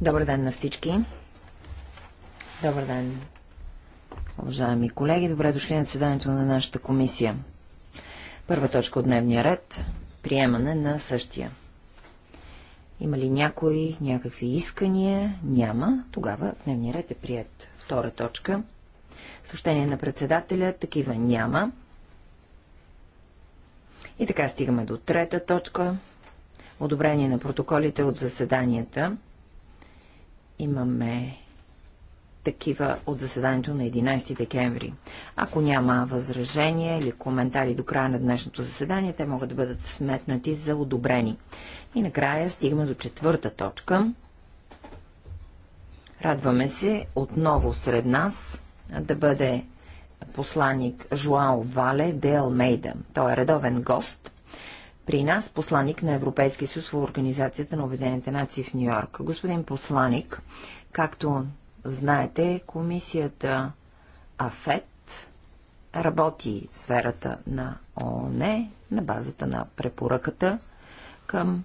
Добър ден на всички. Добър ден, уважаеми колеги. Добре дошли на седанието на нашата комисия. Първа точка от дневния ред – приемане на същия. Има ли някои някакви искания? Няма. Тогава дневния ред е прият. Втора точка – съобщение на председателя. Такива няма. И така стигаме до трета точка – одобрение на протоколите от заседанията. Имаме такива от заседанието на 11 декември. Ако няма възражения или коментари до края на днешното заседание, те могат да бъдат сметнати за одобрени. И накрая стигаме до четвърта точка. Радваме се отново сред нас да бъде посланник Жуао Вале де Алмейда. Той е редовен гост при нас посланник на Европейския съюз в Организацията на Обединените нации в Нью-Йорк. Господин посланник, както знаете, комисията АФЕТ работи в сферата на ООН на базата на препоръката към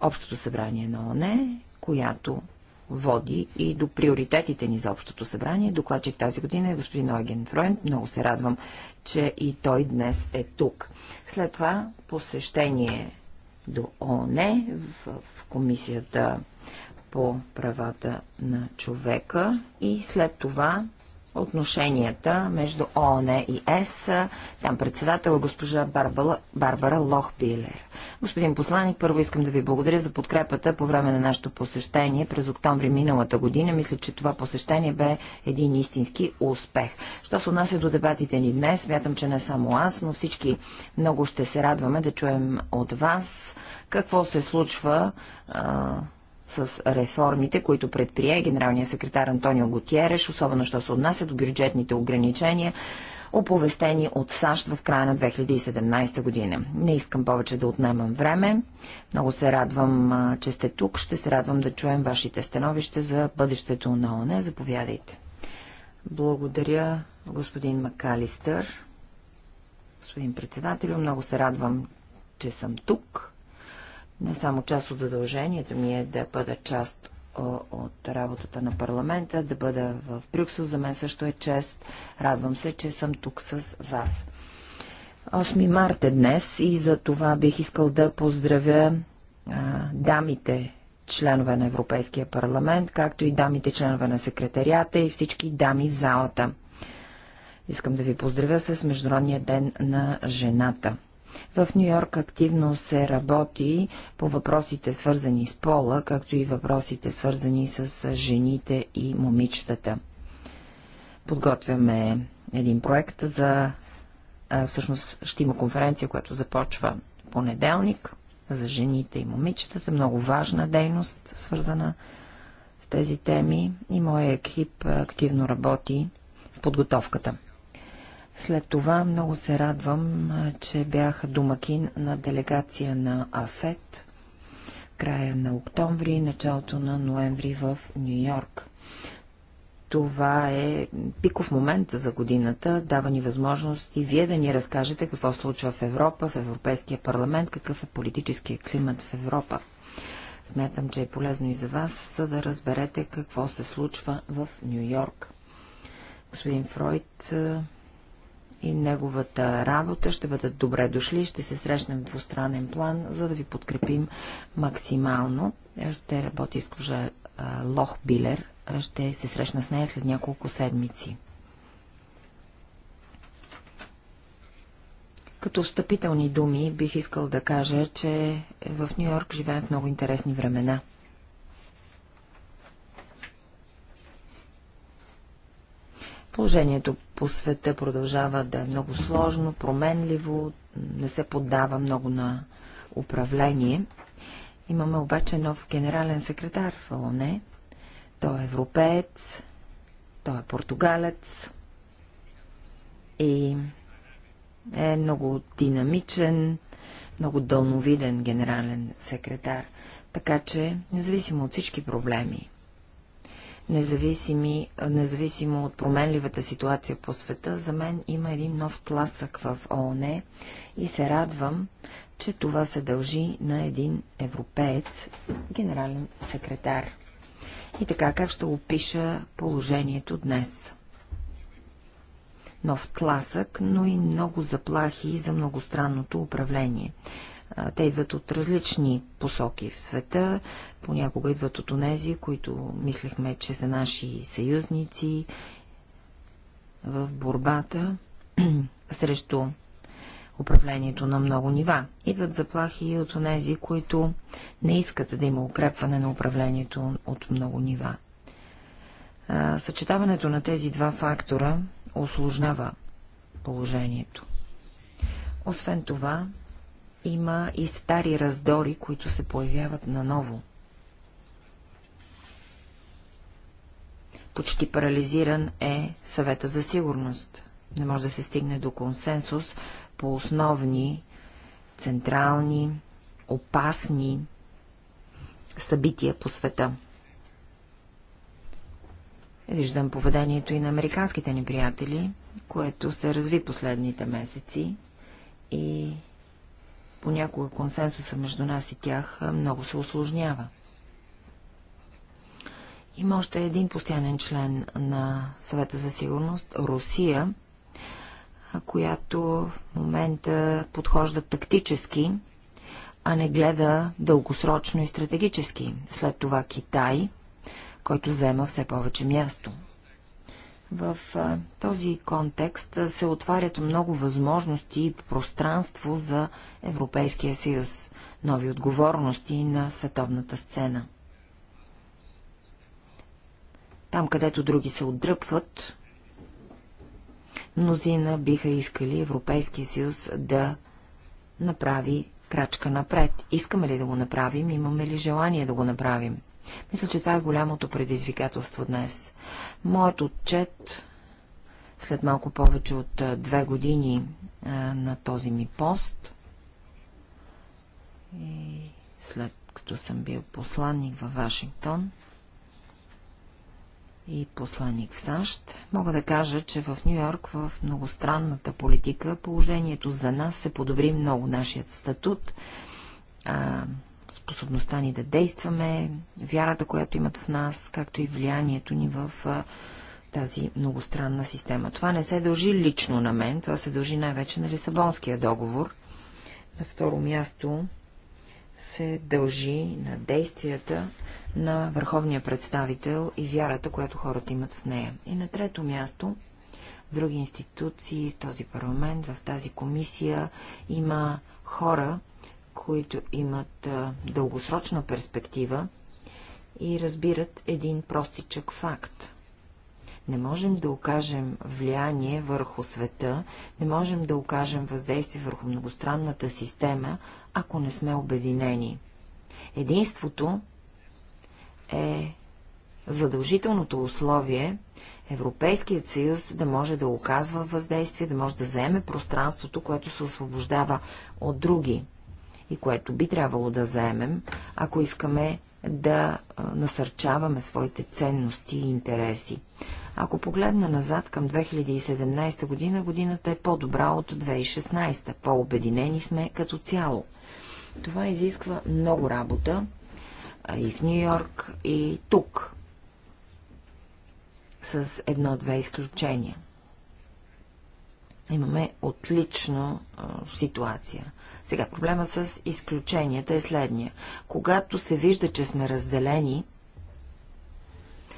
Общото събрание на ООН, която води и до приоритетите ни за общото събрание. Докладчик тази година е господин Оген Фройн. Много се радвам, че и той днес е тук. След това посещение до ОНЕ в, в комисията по правата на човека и след това отношенията между ООН и ЕС. Там председател е госпожа Барбала, Барбара Лохбилер. Господин посланик, първо искам да ви благодаря за подкрепата по време на нашето посещение през октомври миналата година. Мисля, че това посещение бе един истински успех. Що се отнася до дебатите ни днес, смятам, че не само аз, но всички много ще се радваме да чуем от вас какво се случва а, с реформите, които предприе генералният секретар Антонио Готиереш, особено що се отнася до бюджетните ограничения, оповестени от САЩ в края на 2017 година. Не искам повече да отнемам време. Много се радвам, че сте тук. Ще се радвам да чуем вашите становища за бъдещето на ОНЕ. Заповядайте. Благодаря, господин Макалистър. Господин председател, много се радвам, че съм тук. Не само част от задълженията ми е да бъда част от работата на парламента, да бъда в Брюксел. За мен също е чест. Радвам се, че съм тук с вас. 8 март е днес и за това бих искал да поздравя а, дамите членове на Европейския парламент, както и дамите членове на секретарията и всички дами в залата. Искам да ви поздравя с Международния ден на жената. В Нью Йорк активно се работи по въпросите свързани с пола, както и въпросите свързани с жените и момичетата. Подготвяме един проект за... Всъщност ще има конференция, която започва понеделник за жените и момичетата. Много важна дейност, свързана с тези теми и моя екип активно работи в подготовката. След това много се радвам, че бях домакин на делегация на АФЕТ края на октомври и началото на ноември в Нью Йорк. Това е пиков момент за годината, дава ни възможност и вие да ни разкажете какво случва в Европа, в Европейския парламент, какъв е политическия климат в Европа. Смятам, че е полезно и за вас, за да разберете какво се случва в Нью Йорк. Господин Фройд и неговата работа ще бъдат добре дошли. Ще се срещнем в двустранен план, за да ви подкрепим максимално. Ще работи с кожа Лох Билер. Ще се срещна с нея след няколко седмици. Като встъпителни думи бих искал да кажа, че в Нью Йорк живеем в много интересни времена – Положението по света продължава да е много сложно, променливо, не се поддава много на управление. Имаме обаче нов генерален секретар в ООН. Той е европеец, той е португалец и е много динамичен, много дълновиден генерален секретар. Така че, независимо от всички проблеми, независими, независимо от променливата ситуация по света, за мен има един нов тласък в ООН и се радвам, че това се дължи на един европеец, генерален секретар. И така, как ще опиша положението днес? Нов тласък, но и много заплахи за многостранното управление. Те идват от различни посоки в света, понякога идват от онези, които мислехме, че са наши съюзници в борбата срещу управлението на много нива. Идват заплахи и от онези, които не искат да има укрепване на управлението от много нива. Съчетаването на тези два фактора осложнява положението. Освен това, има и стари раздори, които се появяват наново. Почти парализиран е съвета за сигурност. Не може да се стигне до консенсус по основни, централни, опасни събития по света. Виждам поведението и на американските ни приятели, което се разви последните месеци и понякога консенсуса между нас и тях много се осложнява. Има още един постоянен член на съвета за сигурност – Русия, която в момента подхожда тактически, а не гледа дългосрочно и стратегически. След това Китай, който взема все повече място – в този контекст се отварят много възможности и пространство за Европейския съюз, нови отговорности на световната сцена. Там, където други се отдръпват, мнозина биха искали Европейския съюз да направи крачка напред. Искаме ли да го направим, имаме ли желание да го направим? Мисля, че това е голямото предизвикателство днес. Моят отчет след малко повече от две години а, на този ми пост и след като съм бил посланник във Вашингтон и посланник в САЩ, мога да кажа, че в Нью Йорк в многостранната политика положението за нас се подобри много нашият статут. А, способността ни да действаме, вярата, която имат в нас, както и влиянието ни в тази многостранна система. Това не се дължи лично на мен, това се дължи най-вече на Лисабонския договор. На второ място се дължи на действията на върховния представител и вярата, която хората имат в нея. И на трето място, в други институции, в този парламент, в тази комисия има хора, които имат дългосрочна перспектива и разбират един простичък факт. Не можем да окажем влияние върху света, не можем да окажем въздействие върху многостранната система, ако не сме обединени. Единството е задължителното условие Европейският съюз да може да оказва въздействие, да може да заеме пространството, което се освобождава от други и което би трябвало да заемем, ако искаме да насърчаваме своите ценности и интереси. Ако погледна назад към 2017 година, годината е по-добра от 2016. По-обединени сме като цяло. Това изисква много работа и в Нью Йорк, и тук, с едно-две изключения. Имаме отлична ситуация. Сега проблема с изключенията е следния. Когато се вижда, че сме разделени,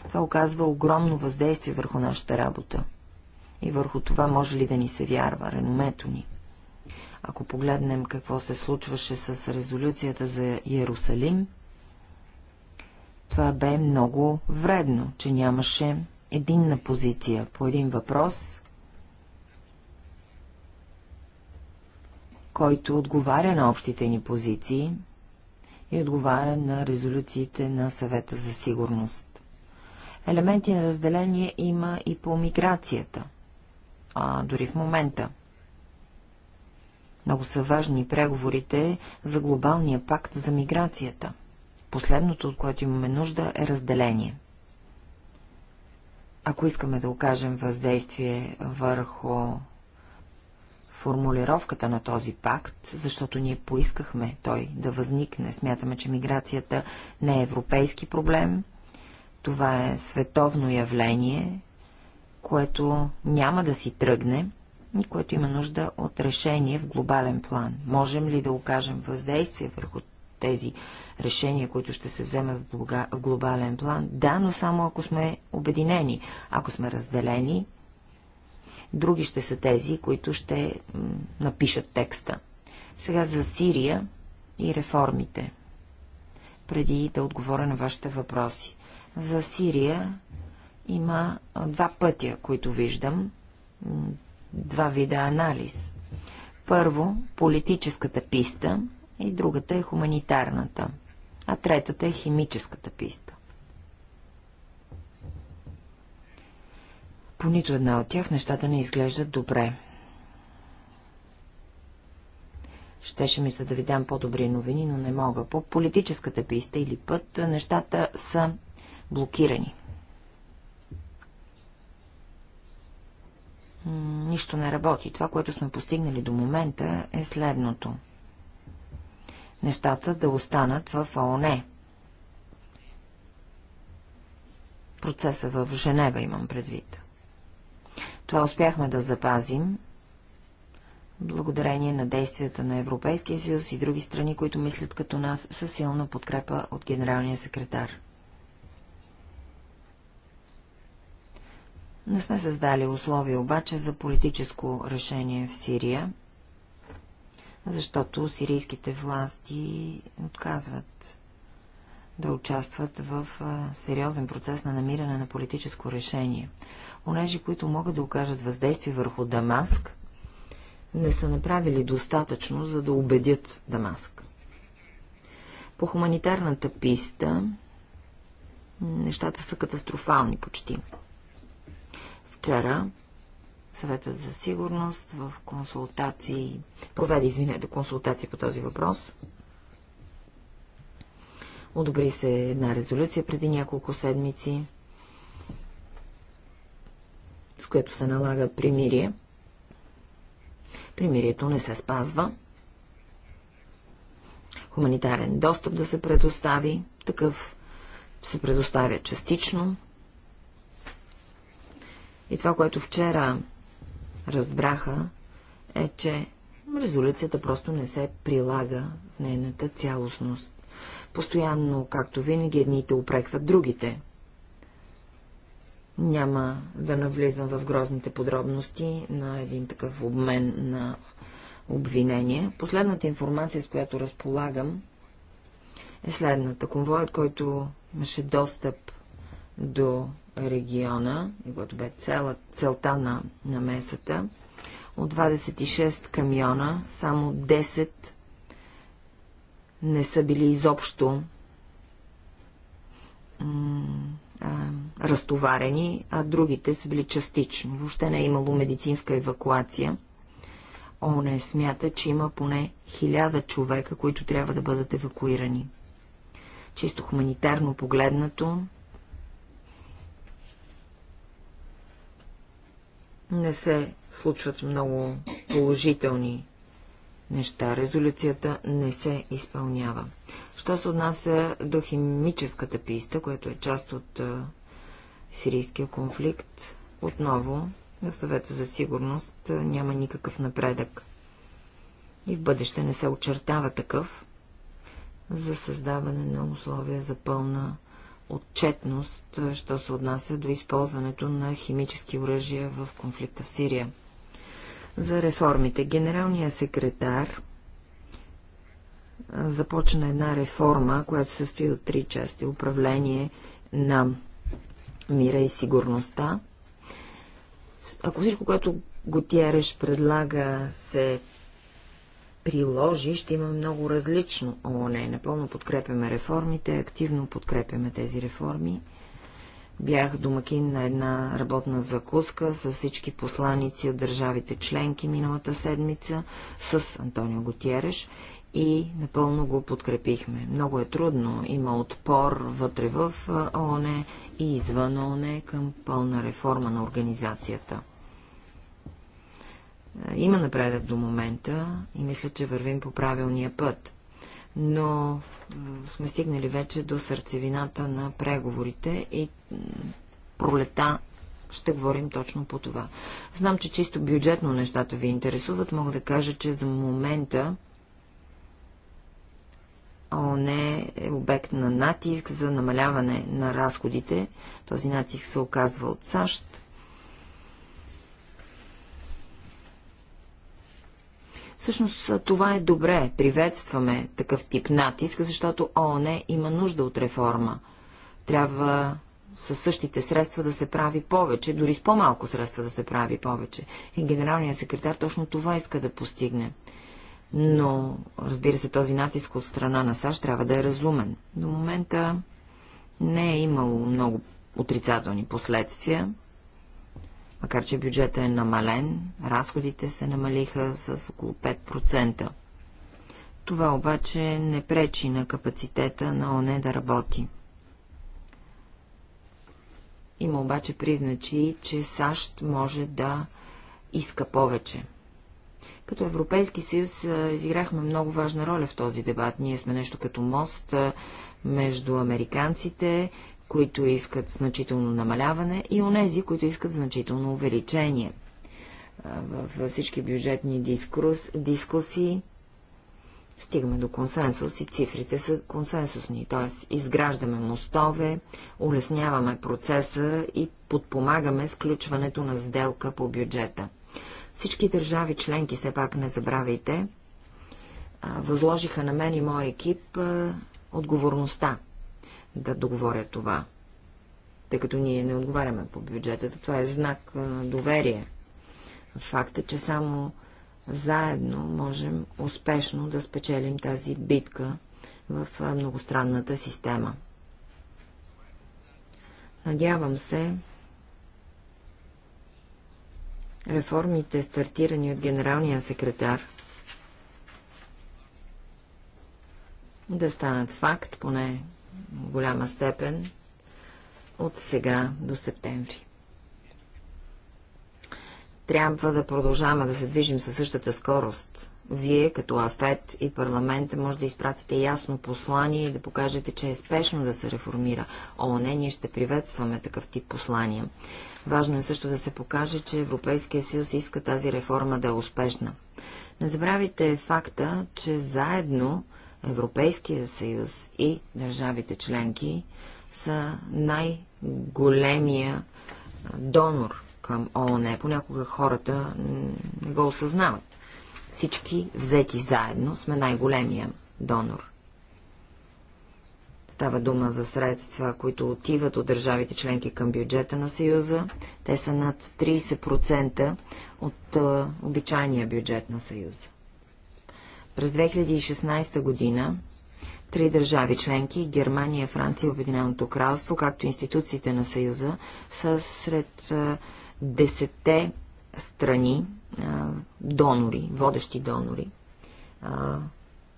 това оказва огромно въздействие върху нашата работа. И върху това може ли да ни се вярва, реномето ни. Ако погледнем какво се случваше с резолюцията за Иерусалим, това бе много вредно, че нямаше единна позиция по един въпрос, който отговаря на общите ни позиции и отговаря на резолюциите на съвета за сигурност. Елементи на разделение има и по миграцията, а дори в момента. Много са важни преговорите за глобалния пакт за миграцията. Последното, от което имаме нужда, е разделение. Ако искаме да окажем въздействие върху формулировката на този пакт, защото ние поискахме той да възникне. Смятаме, че миграцията не е европейски проблем. Това е световно явление, което няма да си тръгне и което има нужда от решение в глобален план. Можем ли да окажем въздействие върху тези решения, които ще се вземе в глобален план? Да, но само ако сме обединени. Ако сме разделени, Други ще са тези, които ще напишат текста. Сега за Сирия и реформите. Преди да отговоря на вашите въпроси. За Сирия има два пътя, които виждам. Два вида анализ. Първо, политическата писта и другата е хуманитарната, а третата е химическата писта. По нито една от тях нещата не изглеждат добре. Щеше ми се да ви дам по-добри новини, но не мога. По политическата писта или път нещата са блокирани. Нищо не работи. Това, което сме постигнали до момента е следното. Нещата да останат в ООН. Процеса в Женева имам предвид. Това успяхме да запазим, благодарение на действията на Европейския съюз и други страни, които мислят като нас, със силна подкрепа от генералния секретар. Не сме създали условия обаче за политическо решение в Сирия, защото сирийските власти отказват да участват в сериозен процес на намиране на политическо решение. Понеже които могат да окажат въздействие върху Дамаск, не са направили достатъчно, за да убедят Дамаск. По хуманитарната писта нещата са катастрофални почти. Вчера съветът за сигурност в консултации, проведе, извинете, консултации по този въпрос. Одобри се една резолюция преди няколко седмици с което се налага примирие. Примирието не се спазва. Хуманитарен достъп да се предостави, такъв се предоставя частично. И това, което вчера разбраха, е, че резолюцията просто не се прилага в нейната цялостност. Постоянно, както винаги, едните упрекват другите. Няма да навлизам в грозните подробности на един такъв обмен на обвинения. Последната информация, с която разполагам, е следната. Конвоят, който имаше достъп до региона, и което бе цела, целта на, на месата, от 26 камиона, само 10 не са били изобщо а, разтоварени, а другите са били частично. Въобще не е имало медицинска евакуация. ООН смята, че има поне хиляда човека, които трябва да бъдат евакуирани. Чисто хуманитарно погледнато, не се случват много положителни неща. Резолюцията не се изпълнява. Що се отнася до химическата писта, която е част от а, сирийския конфликт, отново в съвета за сигурност а, няма никакъв напредък. И в бъдеще не се очертава такъв за създаване на условия за пълна отчетност, що се отнася до използването на химически оръжия в конфликта в Сирия за реформите. Генералният секретар започна една реформа, която се състои от три части. Управление на мира и сигурността. Ако всичко, което Готиереш предлага, се приложи, ще има много различно ООН. Напълно подкрепяме реформите, активно подкрепяме тези реформи. Бях домакин на една работна закуска с всички посланици от държавите членки миналата седмица с Антонио Готиереш и напълно го подкрепихме. Много е трудно, има отпор вътре в ООН и извън ООН към пълна реформа на организацията. Има напредък до момента и мисля, че вървим по правилния път но сме стигнали вече до сърцевината на преговорите и пролета ще говорим точно по това. Знам, че чисто бюджетно нещата ви интересуват. Мога да кажа, че за момента ООН е обект на натиск за намаляване на разходите. Този натиск се оказва от САЩ. Всъщност това е добре. Приветстваме такъв тип натиск, защото ООН има нужда от реформа. Трябва със същите средства да се прави повече, дори с по-малко средства да се прави повече. И генералният секретар точно това иска да постигне. Но, разбира се, този натиск от страна на САЩ трябва да е разумен. До момента не е имало много отрицателни последствия. Макар, че бюджетът е намален, разходите се намалиха с около 5%. Това обаче не пречи на капацитета на ОНЕ да работи. Има обаче признаци, че САЩ може да иска повече. Като Европейски съюз изиграхме много важна роля в този дебат. Ние сме нещо като мост между американците които искат значително намаляване и онези, които искат значително увеличение. Във всички бюджетни дискус, дискусии стигаме до консенсус и цифрите са консенсусни, т.е. изграждаме мостове, улесняваме процеса и подпомагаме сключването на сделка по бюджета. Всички държави членки, все пак не забравяйте, възложиха на мен и моя екип отговорността да договоря това. Тъй като ние не отговаряме по бюджета, това е знак на доверие. Факт е, че само заедно можем успешно да спечелим тази битка в многостранната система. Надявам се, реформите, стартирани от генералния секретар, да станат факт, поне голяма степен от сега до септември. Трябва да продължаваме да се движим със същата скорост. Вие, като АФЕТ и парламента, може да изпратите ясно послание и да покажете, че е спешно да се реформира не, Ние ще приветстваме такъв тип послания. Важно е също да се покаже, че Европейския съюз иска тази реформа да е успешна. Не забравяйте факта, че заедно Европейския съюз и държавите членки са най-големия донор към ООН. Понякога хората не го осъзнават. Всички взети заедно сме най-големия донор. Става дума за средства, които отиват от държавите членки към бюджета на Съюза. Те са над 30% от обичайния бюджет на Съюза. През 2016 година три държави членки – Германия, Франция и Обединеното кралство, както институциите на Съюза, са сред десетте страни, донори, водещи донори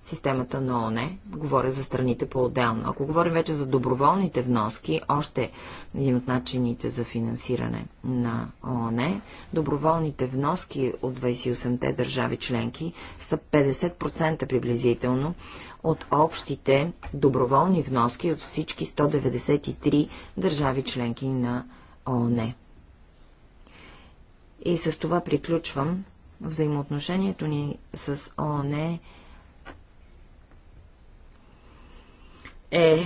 системата на ОНЕ. Говоря за страните по-отделно. Ако говорим вече за доброволните вноски, още един от начините за финансиране на ОНЕ, доброволните вноски от 28-те държави членки са 50% приблизително от общите доброволни вноски от всички 193 държави членки на ООН. И с това приключвам. Взаимоотношението ни с ООН е е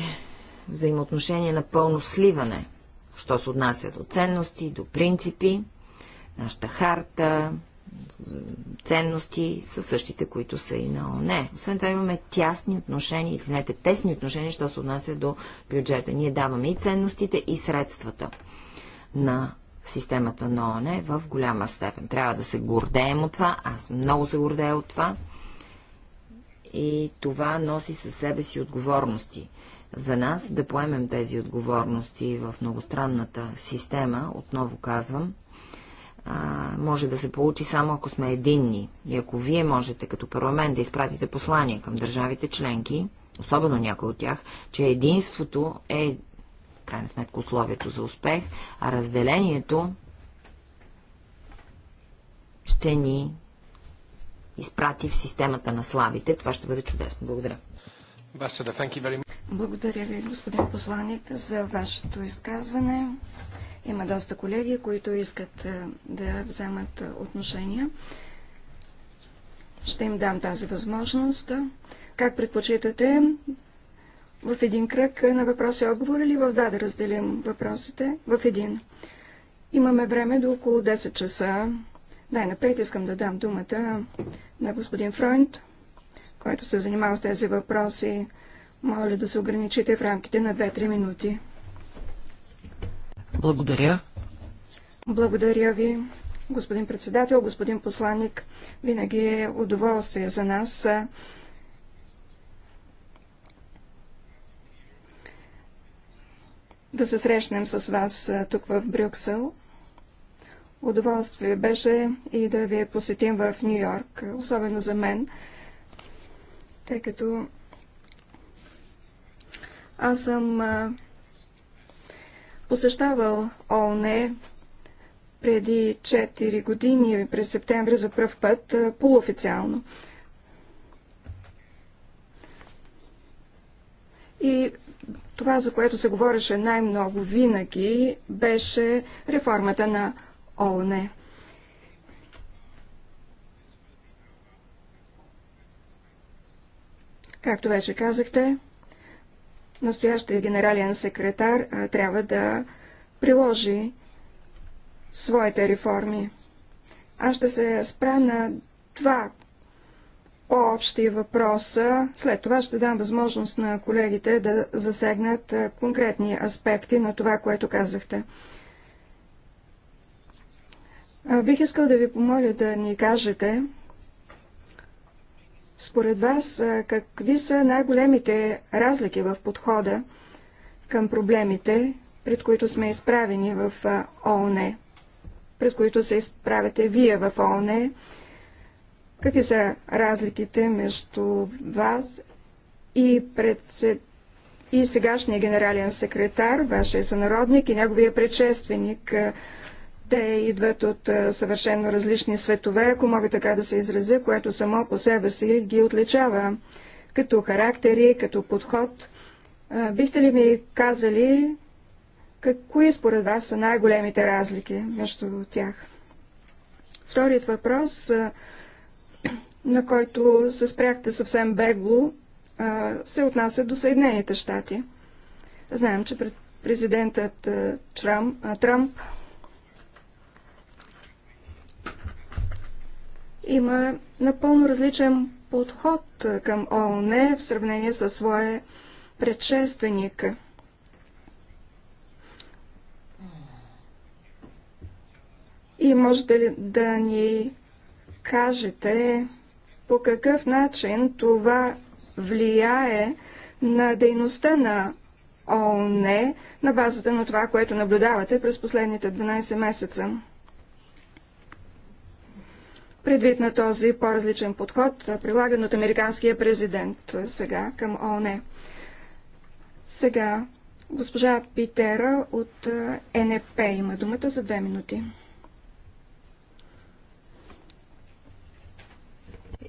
взаимоотношение на пълно сливане, що се отнася до ценности, до принципи, нашата харта, ценности са същите, които са и на ОНЕ. Освен това имаме тясни отношения, извинете, тесни отношения, що се отнася до бюджета. Ние даваме и ценностите, и средствата на системата на ОНЕ в голяма степен. Трябва да се гордеем от това. Аз много се гордея от това и това носи със себе си отговорности. За нас да поемем тези отговорности в многостранната система, отново казвам, може да се получи само ако сме единни. И ако вие можете като парламент да изпратите послание към държавите членки, особено някои от тях, че единството е, в крайна сметка, условието за успех, а разделението ще ни изпрати в системата на славите. Това ще бъде чудесно. Благодаря. Благодаря ви, господин посланник, за вашето изказване. Има доста колеги, които искат е, да вземат е, отношения. Ще им дам тази възможност. Как предпочитате? В един кръг е, на въпроси и отговор или в два да разделим въпросите? В един. Имаме време до около 10 часа. Най-напред искам да дам думата на господин Фройнд, който се занимава с тези въпроси. Моля да се ограничите в рамките на 2-3 минути. Благодаря. Благодаря ви, господин председател, господин посланник. Винаги е удоволствие за нас да се срещнем с вас тук в Брюксел. Удоволствие беше и да ви посетим в Нью Йорк, особено за мен, тъй като аз съм посещавал ООН преди 4 години, през септември за пръв път, полуофициално. И това, за което се говореше най-много винаги, беше реформата на ООН. Както вече казахте, настоящия генерален секретар а, трябва да приложи своите реформи. Аз ще се спра на два по-общи въпроса. След това ще дам възможност на колегите да засегнат конкретни аспекти на това, което казахте. Бих искал да ви помоля да ни кажете, според вас, какви са най-големите разлики в подхода към проблемите, пред които сме изправени в ООН, пред които се изправяте вие в ООН, какви са разликите между вас и, пред... и сегашния генерален секретар, вашия сънародник и неговия предшественик, те идват от е, съвършенно различни светове, ако мога така да се изразя, което само по себе си ги отличава като характери, като подход. Е, бихте ли ми казали, кои според вас са най-големите разлики между тях? Вторият въпрос, е, на който се спряхте съвсем бегло, се отнася до Съединените щати. Знаем, че пред президентът Трамп, Трамп има напълно различен подход към ООН в сравнение със своя предшественик. И можете ли да ни кажете по какъв начин това влияе на дейността на ООН на базата на това, което наблюдавате през последните 12 месеца? Предвид на този по-различен подход, прилаган от американския президент е, сега към ООН. Сега госпожа Питера от е, НП има думата за две минути.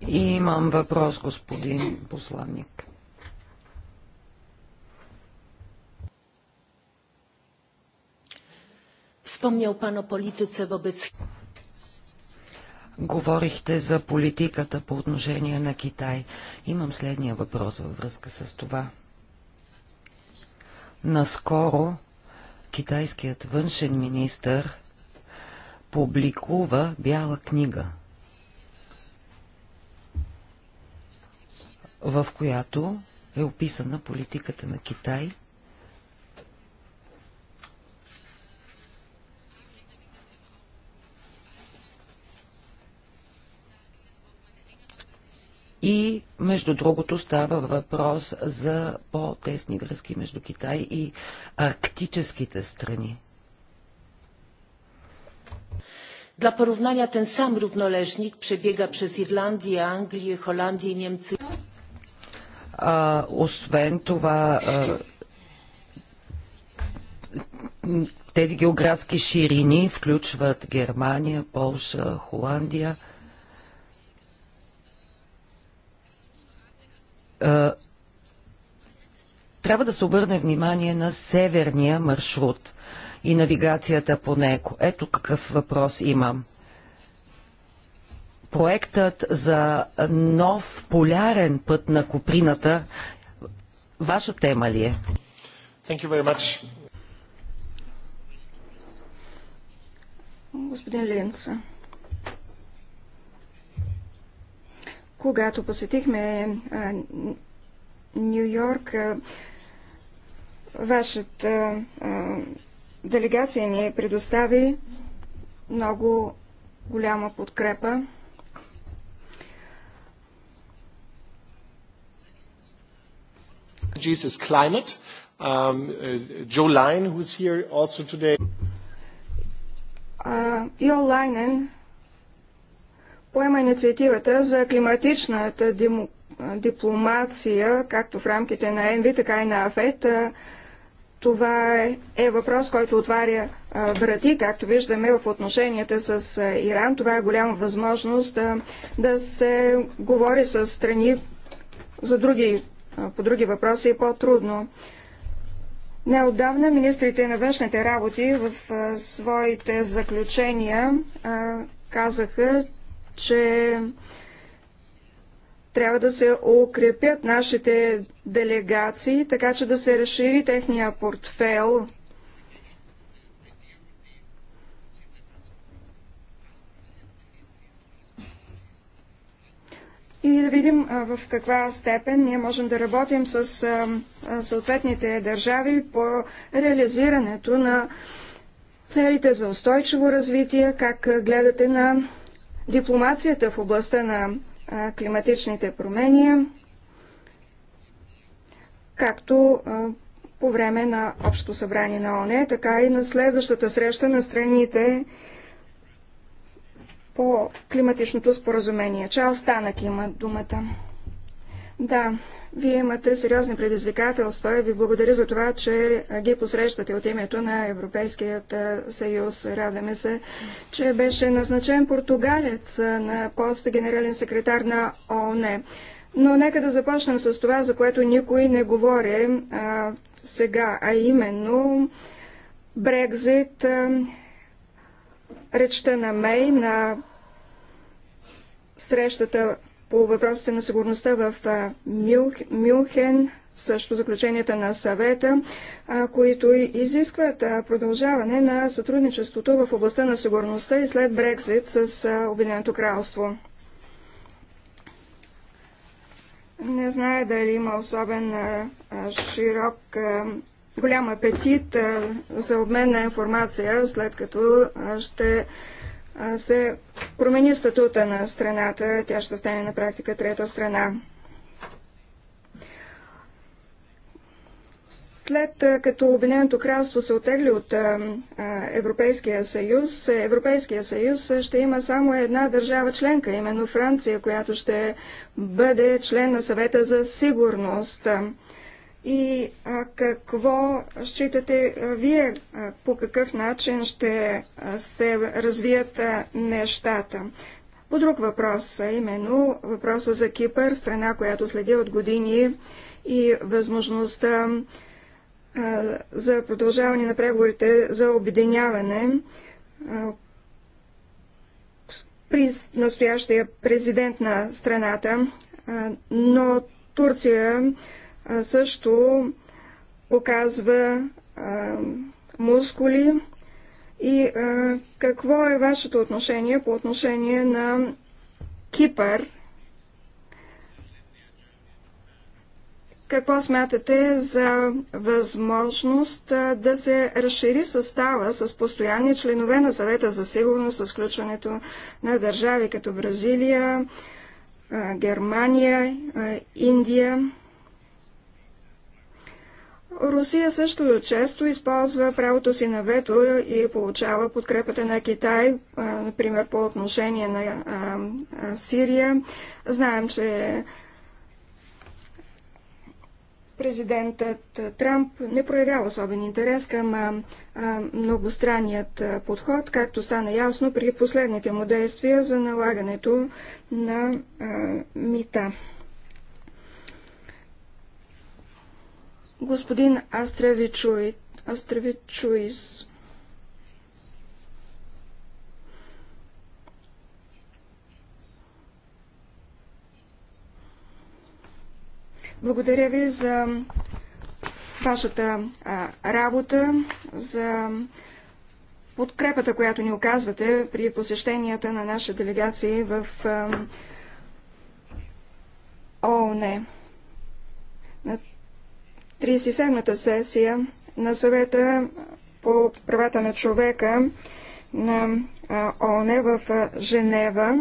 И имам въпрос, господин посланник. Wspomniał Pan o polityce wobec говорихте за политиката по отношение на Китай. Имам следния въпрос във връзка с това. Наскоро китайският външен министр публикува бяла книга, в която е описана политиката на Китай – И, между другото, става въпрос за по-тесни връзки между Китай и арктическите страни. Dla porównania ten sam równoleżnik przebiega przez Irlandię, Anglię, Holandię i Niemcy. А, освен това, а, тези географски ширини включват Германия, Полша, Холандия Е, трябва да се обърне внимание на северния маршрут и навигацията по него. Ето какъв въпрос имам. Проектът за нов полярен път на Куприната, ваша тема ли е? Господин Ленца. Когато посетихме Нью Йорк, вашата делегация ни предостави много голяма подкрепа. is climate. Um, uh, Joe who's here also today. Uh, Joe поема инициативата за климатичната дим... дипломация, както в рамките на ЕНВИ, така и на АФЕТ. Това е, е, въпрос, който отваря врати, както виждаме в отношенията с Иран. Това е голяма възможност да, да се говори с страни за други, по други въпроси и е по-трудно. Неотдавна министрите на външните работи в своите заключения казаха, че трябва да се укрепят нашите делегации, така че да се разшири техния портфел. И да видим в каква степен ние можем да работим с съответните държави по реализирането на целите за устойчиво развитие, как гледате на дипломацията в областта на климатичните промени, както по време на общото събрание на ОНЕ, така и на следващата среща на страните по климатичното споразумение. Чао Станък има думата. Да, вие имате сериозни предизвикателства и ви благодаря за това, че ги посрещате от името на Европейският съюз. Радваме се, че беше назначен португалец на пост генерален секретар на ООН. Но нека да започнем с това, за което никой не говори а, сега, а именно Брекзит, а, речта на Мей, на срещата по въпросите на сигурността в Мюнхен, също заключенията на съвета, които изискват продължаване на сътрудничеството в областта на сигурността и след Брекзит с Обединеното кралство. Не знае дали има особен широк, голям апетит за обмен на информация, след като ще се промени статута на страната, тя ще стане на практика трета страна. След като Обединеното кралство се отегли от Европейския съюз, Европейския съюз ще има само една държава членка, именно Франция, която ще бъде член на съвета за сигурност и какво считате вие, по какъв начин ще се развият нещата. По друг въпрос, а именно въпроса за Кипър, страна, която следи от години и възможността а, за продължаване на преговорите за обединяване а, при настоящия президент на страната, а, но Турция също оказва мускули и какво е вашето отношение по отношение на Кипър? Какво смятате за възможност да се разшири състава с постоянни членове на съвета за сигурност, с включването на държави като Бразилия, Германия, Индия? Русия също често използва правото си на вето и получава подкрепата на Китай, например по отношение на Сирия. Знаем, че президентът Трамп не проявява особен интерес към многостранният подход, както стана ясно при последните му действия за налагането на мита. Господин Астревичуи, Астревичуис. Благодаря ви за вашата а, работа, за подкрепата, която ни оказвате при посещенията на наша делегации в ООН. На 37-та сесия на съвета по правата на човека на ООН в Женева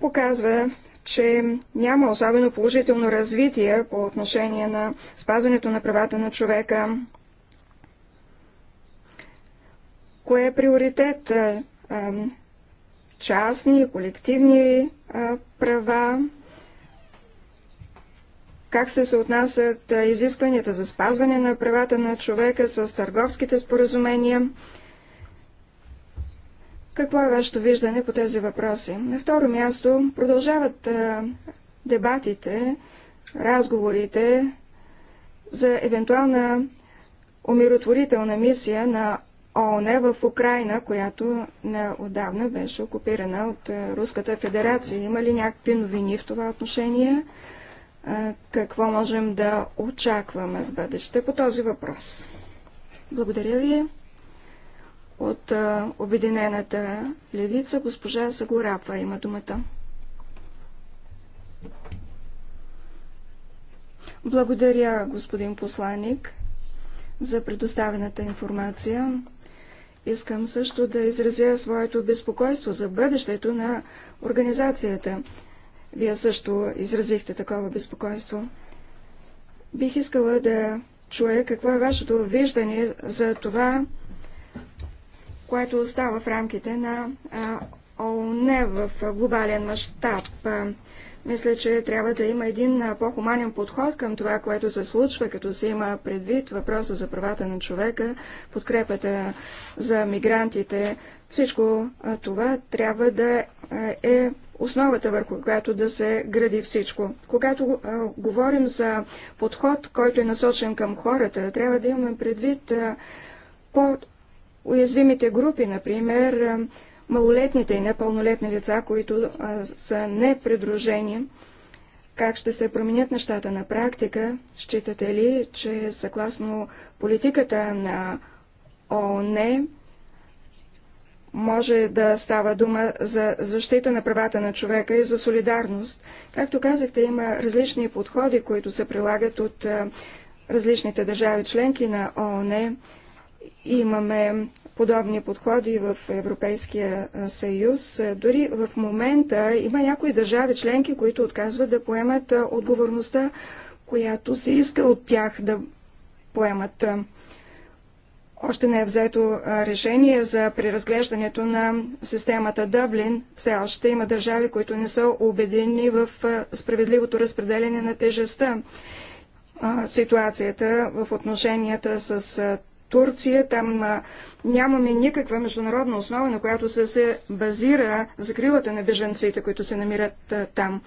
показва, че няма особено положително развитие по отношение на спазването на правата на човека. Кое е приоритет? Частни и колективни права как се съотнасят изискванията за спазване на правата на човека с търговските споразумения. Какво е вашето виждане по тези въпроси? На второ място продължават дебатите, разговорите за евентуална умиротворителна мисия на ООН в Украина, която неодавна беше окупирана от Руската федерация. Има ли някакви новини в това отношение? какво можем да очакваме в бъдеще по този въпрос. Благодаря ви. От Обединената левица госпожа Сагорапва има думата. Благодаря, господин посланник, за предоставената информация. Искам също да изразя своето безпокойство за бъдещето на организацията. Вие също изразихте такова безпокойство. Бих искала да чуя какво е вашето виждане за това, което остава в рамките на ООН в глобален мащаб. Мисля, че трябва да има един по-хуманен подход към това, което се случва, като се има предвид въпроса за правата на човека, подкрепата за мигрантите. Всичко това трябва да е основата върху която да се гради всичко. Когато а, говорим за подход, който е насочен към хората, трябва да имаме предвид по-уязвимите групи, например, малолетните и непълнолетни лица, които а, са непридружени. Как ще се променят нещата на практика? Считате ли, че съгласно политиката на ООН може да става дума за защита на правата на човека и за солидарност? Както казахте, има различни подходи, които се прилагат от а, различните държави членки на ООН. Имаме подобни подходи в Европейския съюз. Е, дори в момента има някои държави членки, които отказват да поемат отговорността, която се иска от тях да поемат. Още не е взето решение за преразглеждането на системата Дъблин. Все още има държави, които не са убедени в справедливото разпределение на тежестта. Ситуацията в отношенията с Турция. Там а, нямаме никаква международна основа, на която се, се базира закрилата на беженците, които се намират а, там.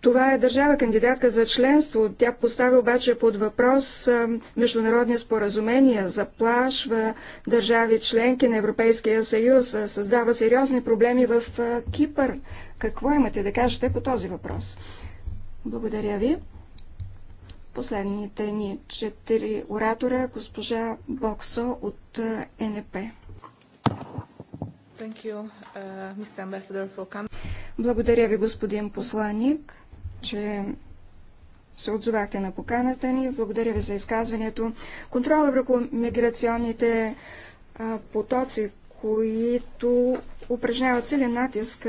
Това е държава кандидатка за членство. Тя поставя обаче под въпрос а, международни споразумения, заплашва държави членки на Европейския съюз, а, създава сериозни проблеми в а, Кипър. Какво имате да кажете по този въпрос? Благодаря ви. Последните ни четири оратора, госпожа Боксо от е, НП. Е you, uh, Благодаря ви, господин посланник, че се отзовахте на поканата ни. Благодаря ви за изказването. Контрола върху миграционните а, потоци, които упражняват силен натиск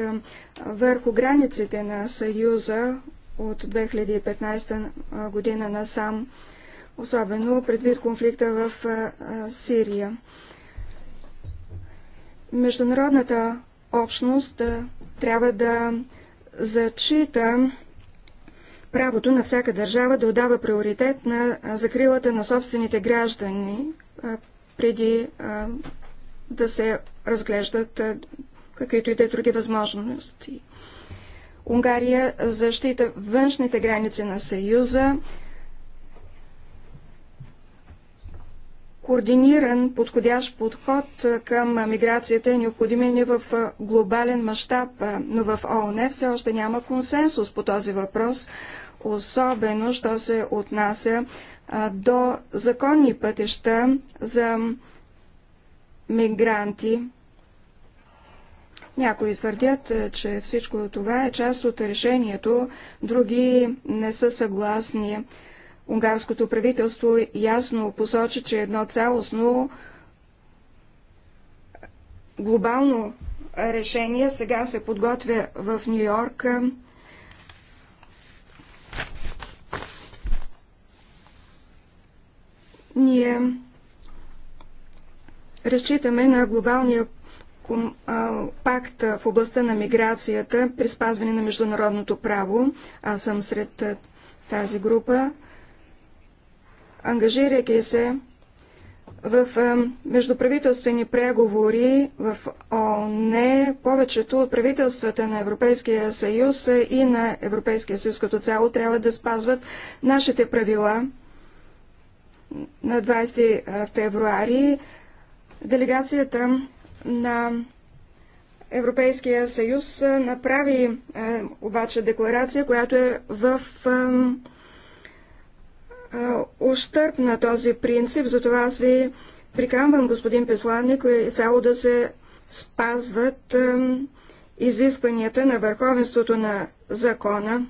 върху границите на Съюза от 2015 година насам, особено предвид конфликта в Сирия. Международната общност трябва да зачита правото на всяка държава да отдава приоритет на закрилата на собствените граждани преди да се разглеждат каквито и да е други възможности. Унгария защита външните граници на Съюза, координиран подходящ подход към миграцията е необходим и в глобален мащаб, но в ООН все още няма консенсус по този въпрос, особено, що се отнася до законни пътища за мигранти. Някои твърдят, е, че всичко това е част от решението, други не са съгласни. Унгарското правителство ясно посочи, че едно цялостно глобално решение сега се подготвя в Нью Йорк. Ние разчитаме на глобалния пакт в областта на миграцията при спазване на международното право. Аз съм сред тази група. Ангажирайки се в междуправителствени преговори в ООН, повечето от правителствата на Европейския съюз и на Европейския съюз като цяло трябва да спазват нашите правила. На 20 февруари делегацията на Европейския съюз направи обаче декларация, която е в ущърп на този принцип. Затова аз ви приканвам, господин Песланник, е цяло да се спазват изискванията на върховенството на закона.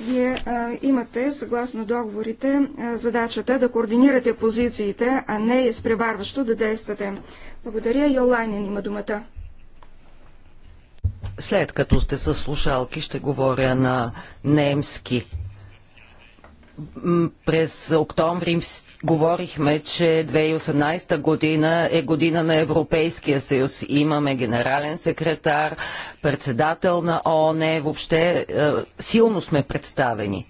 Вие а, имате, съгласно договорите, а, задачата да координирате позициите, а не изпреварващо да действате. Благодаря. Йолайнен има думата. След като сте с слушалки, ще говоря на немски през октомври говорихме, че 2018 година е година на Европейския съюз. Имаме генерален секретар, председател на ООН, въобще е, силно сме представени.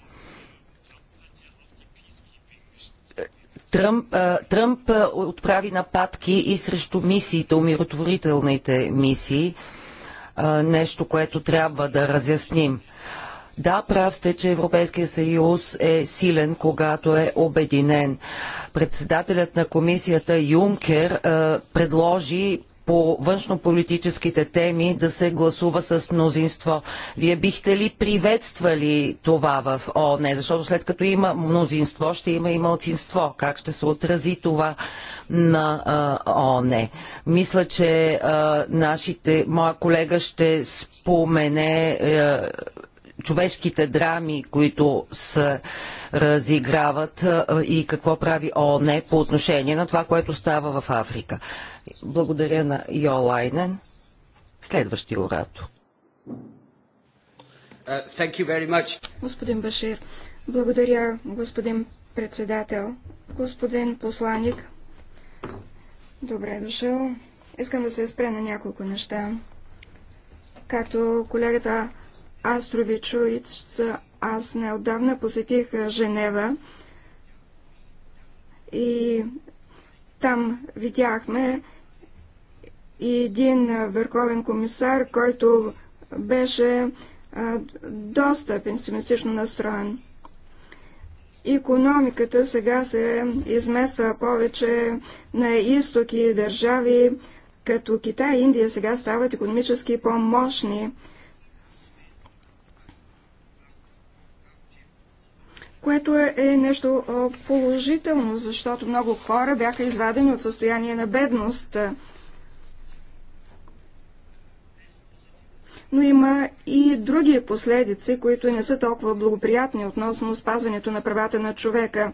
Тръмп, е, Тръмп е, отправи нападки и срещу мисиите, умиротворителните мисии, нещо, което трябва да разясним. Да, прав сте, че Европейския съюз е силен, когато е обединен. Председателят на комисията Юнкер е, предложи по външнополитическите теми да се гласува с мнозинство. Вие бихте ли приветствали това в ОНЕ? Защото след като има мнозинство, ще има и мълцинство. Как ще се отрази това на е, ОНЕ. Мисля, че а, е, нашите, моя колега ще спомене а, е, човешките драми, които се разиграват и какво прави ООН по отношение на това, което става в Африка. Благодаря на Йолайнен. Следващия оратор. Uh, господин Башир, благодаря, господин председател, господин посланик. Добре дошъл. Искам да се спре на няколко неща. Както колегата Астрови Чуиц. Аз неодавна посетих Женева и там видяхме и един върховен комисар, който беше а, доста пенсимистично настроен. Економиката сега се измества повече на изтоки държави, като Китай и Индия сега стават економически по-мощни. което е, е нещо положително, защото много хора бяха извадени от състояние на бедност. но има и други последици, които не са толкова благоприятни относно спазването на правата на човека.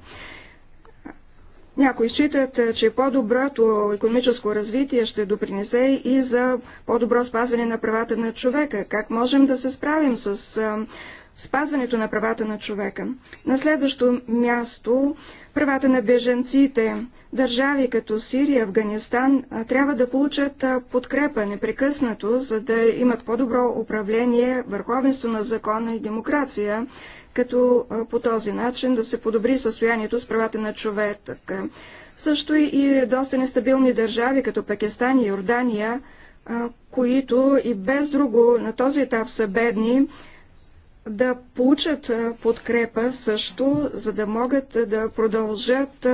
Някои считат, че по-доброто економическо развитие ще допринесе и за по-добро спазване на правата на човека. Как можем да се справим с спазването на правата на човека. На следващо място правата на беженците. Държави като Сирия, Афганистан трябва да получат подкрепа непрекъснато, за да имат по-добро управление, върховенство на закона и демокрация, като по този начин да се подобри състоянието с правата на човека. Също и доста нестабилни държави, като Пакистан и Йордания, които и без друго на този етап са бедни, да получат подкрепа също, за да могат да продължат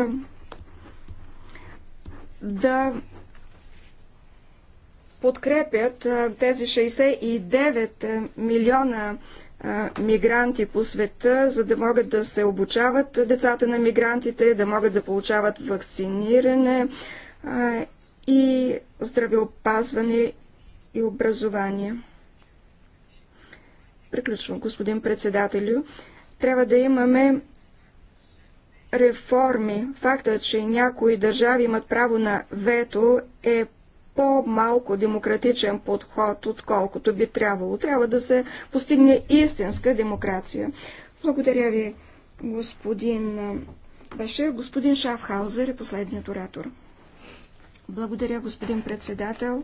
да подкрепят тези 69 милиона мигранти по света, за да могат да се обучават децата на мигрантите, да могат да получават вакциниране и здравеопазване и образование. Приключвам, господин председателю. Трябва да имаме реформи. Факта, че някои държави имат право на вето е по-малко демократичен подход, отколкото би трябвало. Трябва да се постигне истинска демокрация. Благодаря ви, господин Беше. Господин Шафхаузер е последният оратор. Благодаря, господин председател.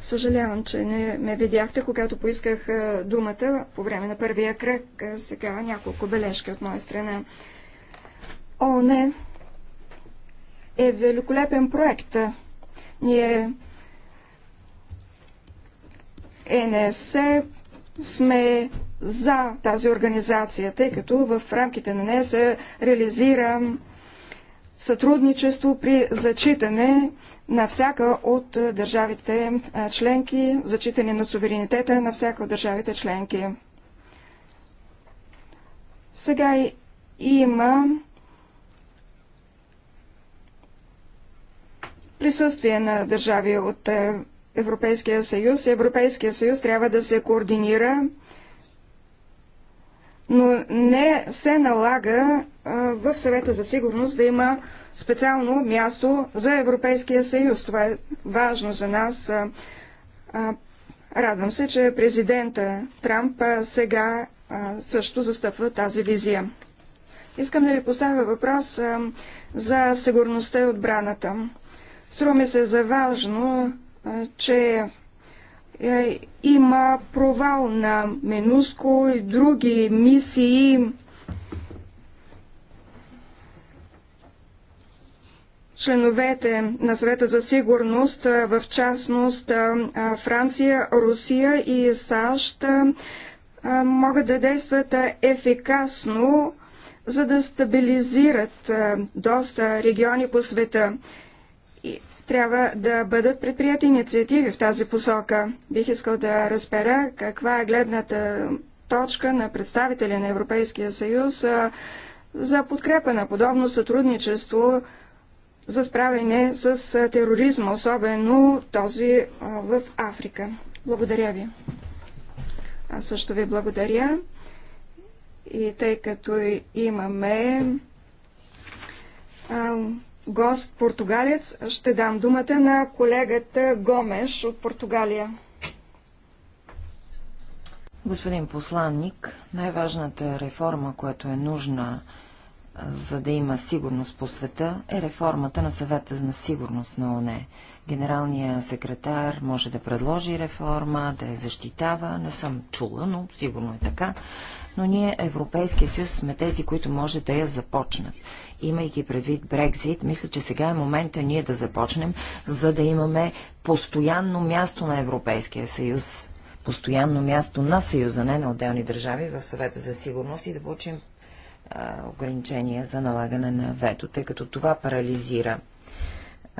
Съжалявам, че не ме видяхте, когато поисках думата по време на първия кръг. Сега няколко бележки от моя страна. О, не! Е великолепен проект. Ние НС сме за тази организация, тъй като в рамките на нея се реализира сътрудничество при зачитане на всяка от държавите членки, зачитане на суверенитета на всяка от държавите членки. Сега има присъствие на държави от Европейския съюз. Европейския съюз трябва да се координира, но не се налага в съвета за сигурност да има специално място за Европейския съюз. Това е важно за нас. Радвам се, че президента Трамп сега също застъпва тази визия. Искам да ви поставя въпрос за сигурността и отбраната. Струва ми се за важно, че е, има провал на Менуско и други мисии членовете на съвета за сигурност, в частност Франция, Русия и САЩ, могат да действат ефикасно, за да стабилизират доста региони по света. И трябва да бъдат предприяти инициативи в тази посока. Бих искал да разбера каква е гледната точка на представители на Европейския съюз за подкрепа на подобно сътрудничество за справяне с тероризма, особено този в Африка. Благодаря ви. Аз също ви благодаря. И тъй като имаме гост португалец, ще дам думата на колегата Гомеш от Португалия. Господин посланник, най-важната реформа, която е нужна за да има сигурност по света, е реформата на съвета на сигурност на ОНЕ. Генералният секретар може да предложи реформа, да я защитава. Не съм чула, но сигурно е така. Но ние, Европейския съюз, сме тези, които може да я започнат. Имайки предвид Брекзит, мисля, че сега е момента ние да започнем, за да имаме постоянно място на Европейския съюз постоянно място на Съюза, не на отделни държави в съвета за сигурност и да получим а, ограничения за налагане на вето, тъй като това парализира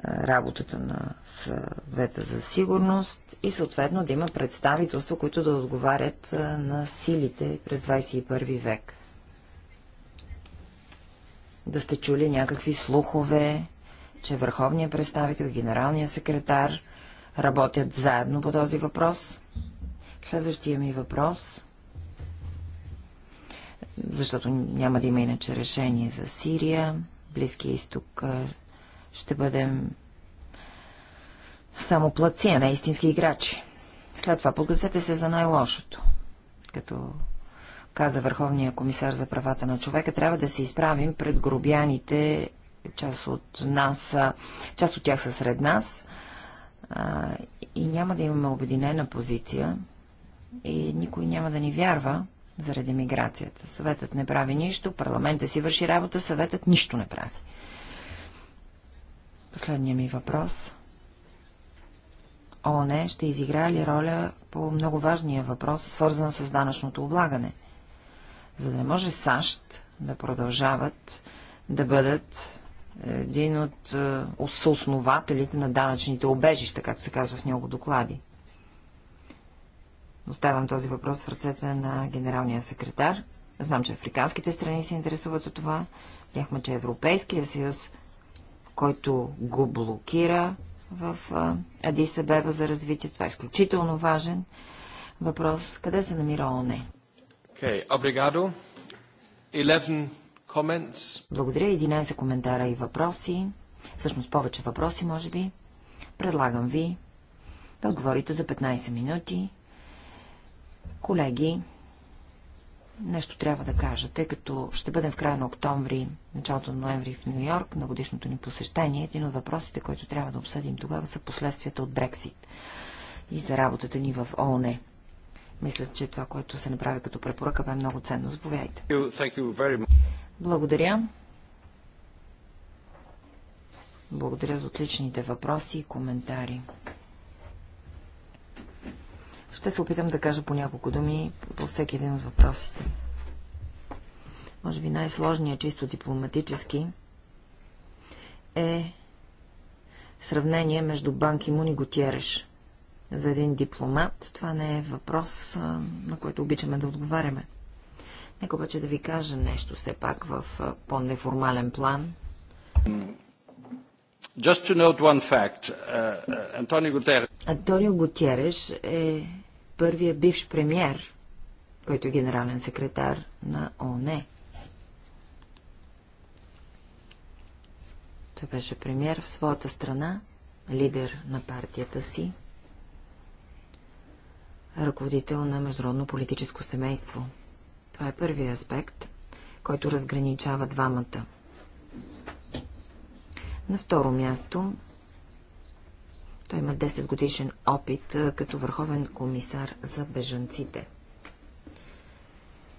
работата на съвета за сигурност и съответно да има представителства, които да отговарят на силите през 21 век. Да сте чули някакви слухове, че върховният представител, генералният секретар работят заедно по този въпрос. Следващия ми въпрос – защото няма да има иначе решение за Сирия, Близкия изток ще бъдем само плация, на истински играчи. След това подгответе се за най-лошото. Като каза Върховния комисар за правата на човека, трябва да се изправим пред гробяните, част от нас, част от тях са сред нас и няма да имаме обединена позиция и никой няма да ни вярва, заради миграцията. Съветът не прави нищо, парламента си върши работа, съветът нищо не прави. Последният ми въпрос. ООН ще изиграе ли роля по много важния въпрос, свързан с данъчното облагане? За да не може САЩ да продължават да бъдат един от е, основателите на данъчните обежища, както се казва в него доклади. Оставям този въпрос в ръцете на генералния секретар. Знам, че африканските страни се интересуват от това. Яхме, че Европейския съюз, който го блокира в Адис Абеба за развитие, това е изключително важен въпрос. Къде се намира ОНЕ? Okay, obrigado. 11 comments. Благодаря. 11 коментара и въпроси. Всъщност повече въпроси, може би. Предлагам ви да отговорите за 15 минути Колеги, нещо трябва да кажа, тъй като ще бъдем в края на октомври, началото на ноември в Нью Йорк, на годишното ни посещение. Един от въпросите, който трябва да обсъдим тогава, са последствията от Брексит и за работата ни в ООН. Мисля, че това, което се направи като препоръка, бе много ценно. Заповядайте. Благодаря. Благодаря за отличните въпроси и коментари. Ще се опитам да кажа по няколко думи по всеки един от въпросите. Може би най-сложният, чисто дипломатически, е сравнение между Банки Мун и Готиереш. За един дипломат това не е въпрос, на който обичаме да отговаряме. Нека обаче да ви кажа нещо все пак в по-неформален план. Just to note one fact, uh, uh Antonio Guterres... Антонио Гутиереш е първия бивш премьер, който е генерален секретар на ООН. Той беше премьер в своята страна, лидер на партията си, ръководител на международно политическо семейство. Това е първият аспект, който разграничава двамата – на второ място, той има 10 годишен опит като върховен комисар за бежанците.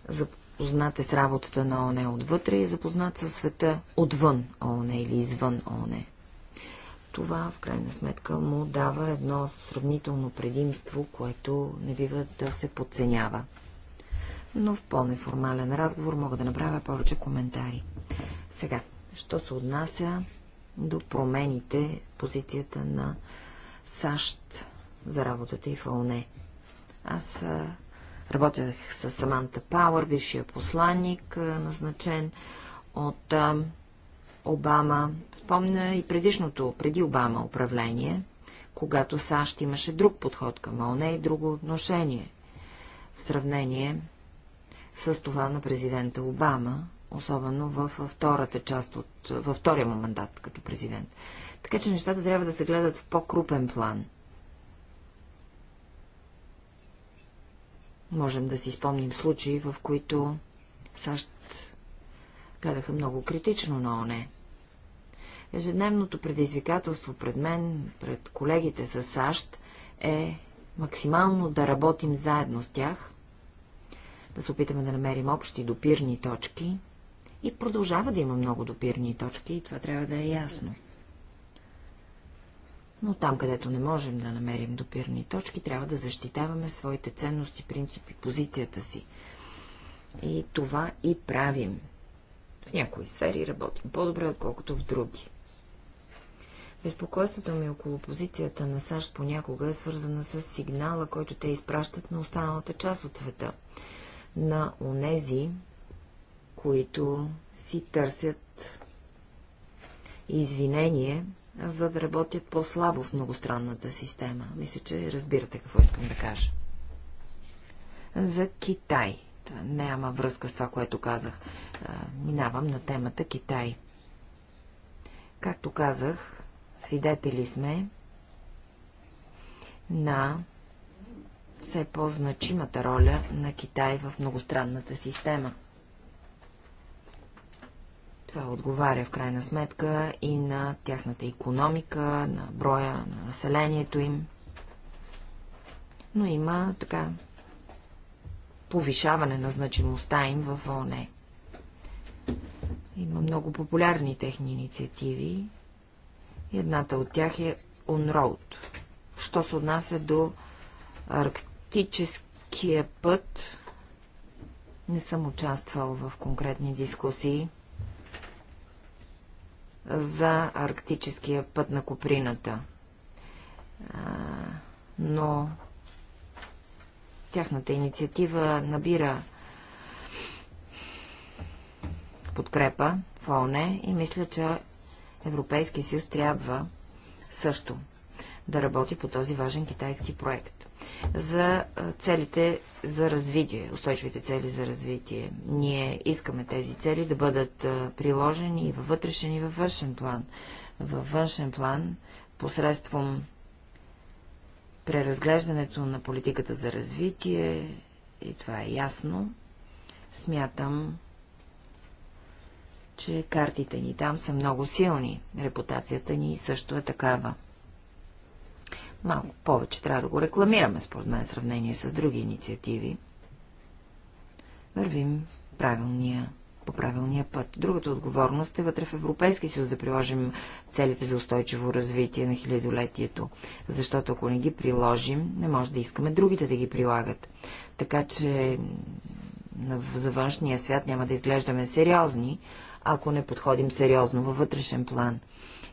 Запознат е с работата на ОНЕ отвътре и е запознат със света отвън ОНЕ или извън ОНЕ. Това, в крайна сметка, му дава едно сравнително предимство, което не бива да се подценява. Но в по-неформален разговор мога да направя повече коментари. Сега, що се отнася до промените в позицията на САЩ за работата и в ОНЕ. Аз работех с Саманта Пауър, бившия посланник, назначен от Обама. Спомня и предишното, преди Обама управление, когато САЩ имаше друг подход към ОНЕ и друго отношение в сравнение с това на президента Обама особено във втората част от, във втория му мандат като президент. Така че нещата трябва да се гледат в по-крупен план. Можем да си спомним случаи, в които САЩ гледаха много критично на ОНЕ. Ежедневното предизвикателство пред мен, пред колегите с САЩ е максимално да работим заедно с тях, да се опитаме да намерим общи допирни точки – и продължава да има много допирни точки и това трябва да е ясно. Но там, където не можем да намерим допирни точки, трябва да защитаваме своите ценности, принципи, позицията си. И това и правим. В някои сфери работим по-добре, отколкото в други. Безпокойството ми около позицията на САЩ понякога е свързана с сигнала, който те изпращат на останалата част от света. На онези, които си търсят извинение, за да работят по-слабо в многостранната система. Мисля, че разбирате какво искам да кажа. За Китай. Та няма връзка с това, което казах. Минавам на темата Китай. Както казах, свидетели сме на все по-значимата роля на Китай в многостранната система. Това отговаря в крайна сметка и на тяхната економика, на броя на населението им. Но има така повишаване на значимостта им в ОНЕ. Има много популярни техни инициативи. Едната от тях е Unroad. Що се отнася до арктическия път, не съм участвал в конкретни дискусии за арктическия път на Коприната. Но тяхната инициатива набира подкрепа в Оне и мисля, че Европейския съюз трябва също да работи по този важен китайски проект за целите за развитие, устойчивите цели за развитие. Ние искаме тези цели да бъдат приложени и във вътрешен и във външен план. Във външен план, посредством преразглеждането на политиката за развитие, и това е ясно, смятам, че картите ни там са много силни. Репутацията ни също е такава. Малко повече трябва да го рекламираме, според мен, в сравнение с други инициативи. Вървим правилния, по правилния път. Другата отговорност е вътре в Европейски съюз да приложим целите за устойчиво развитие на хилядолетието, защото ако не ги приложим, не може да искаме другите да ги прилагат. Така че за външния свят няма да изглеждаме сериозни, ако не подходим сериозно във вътрешен план.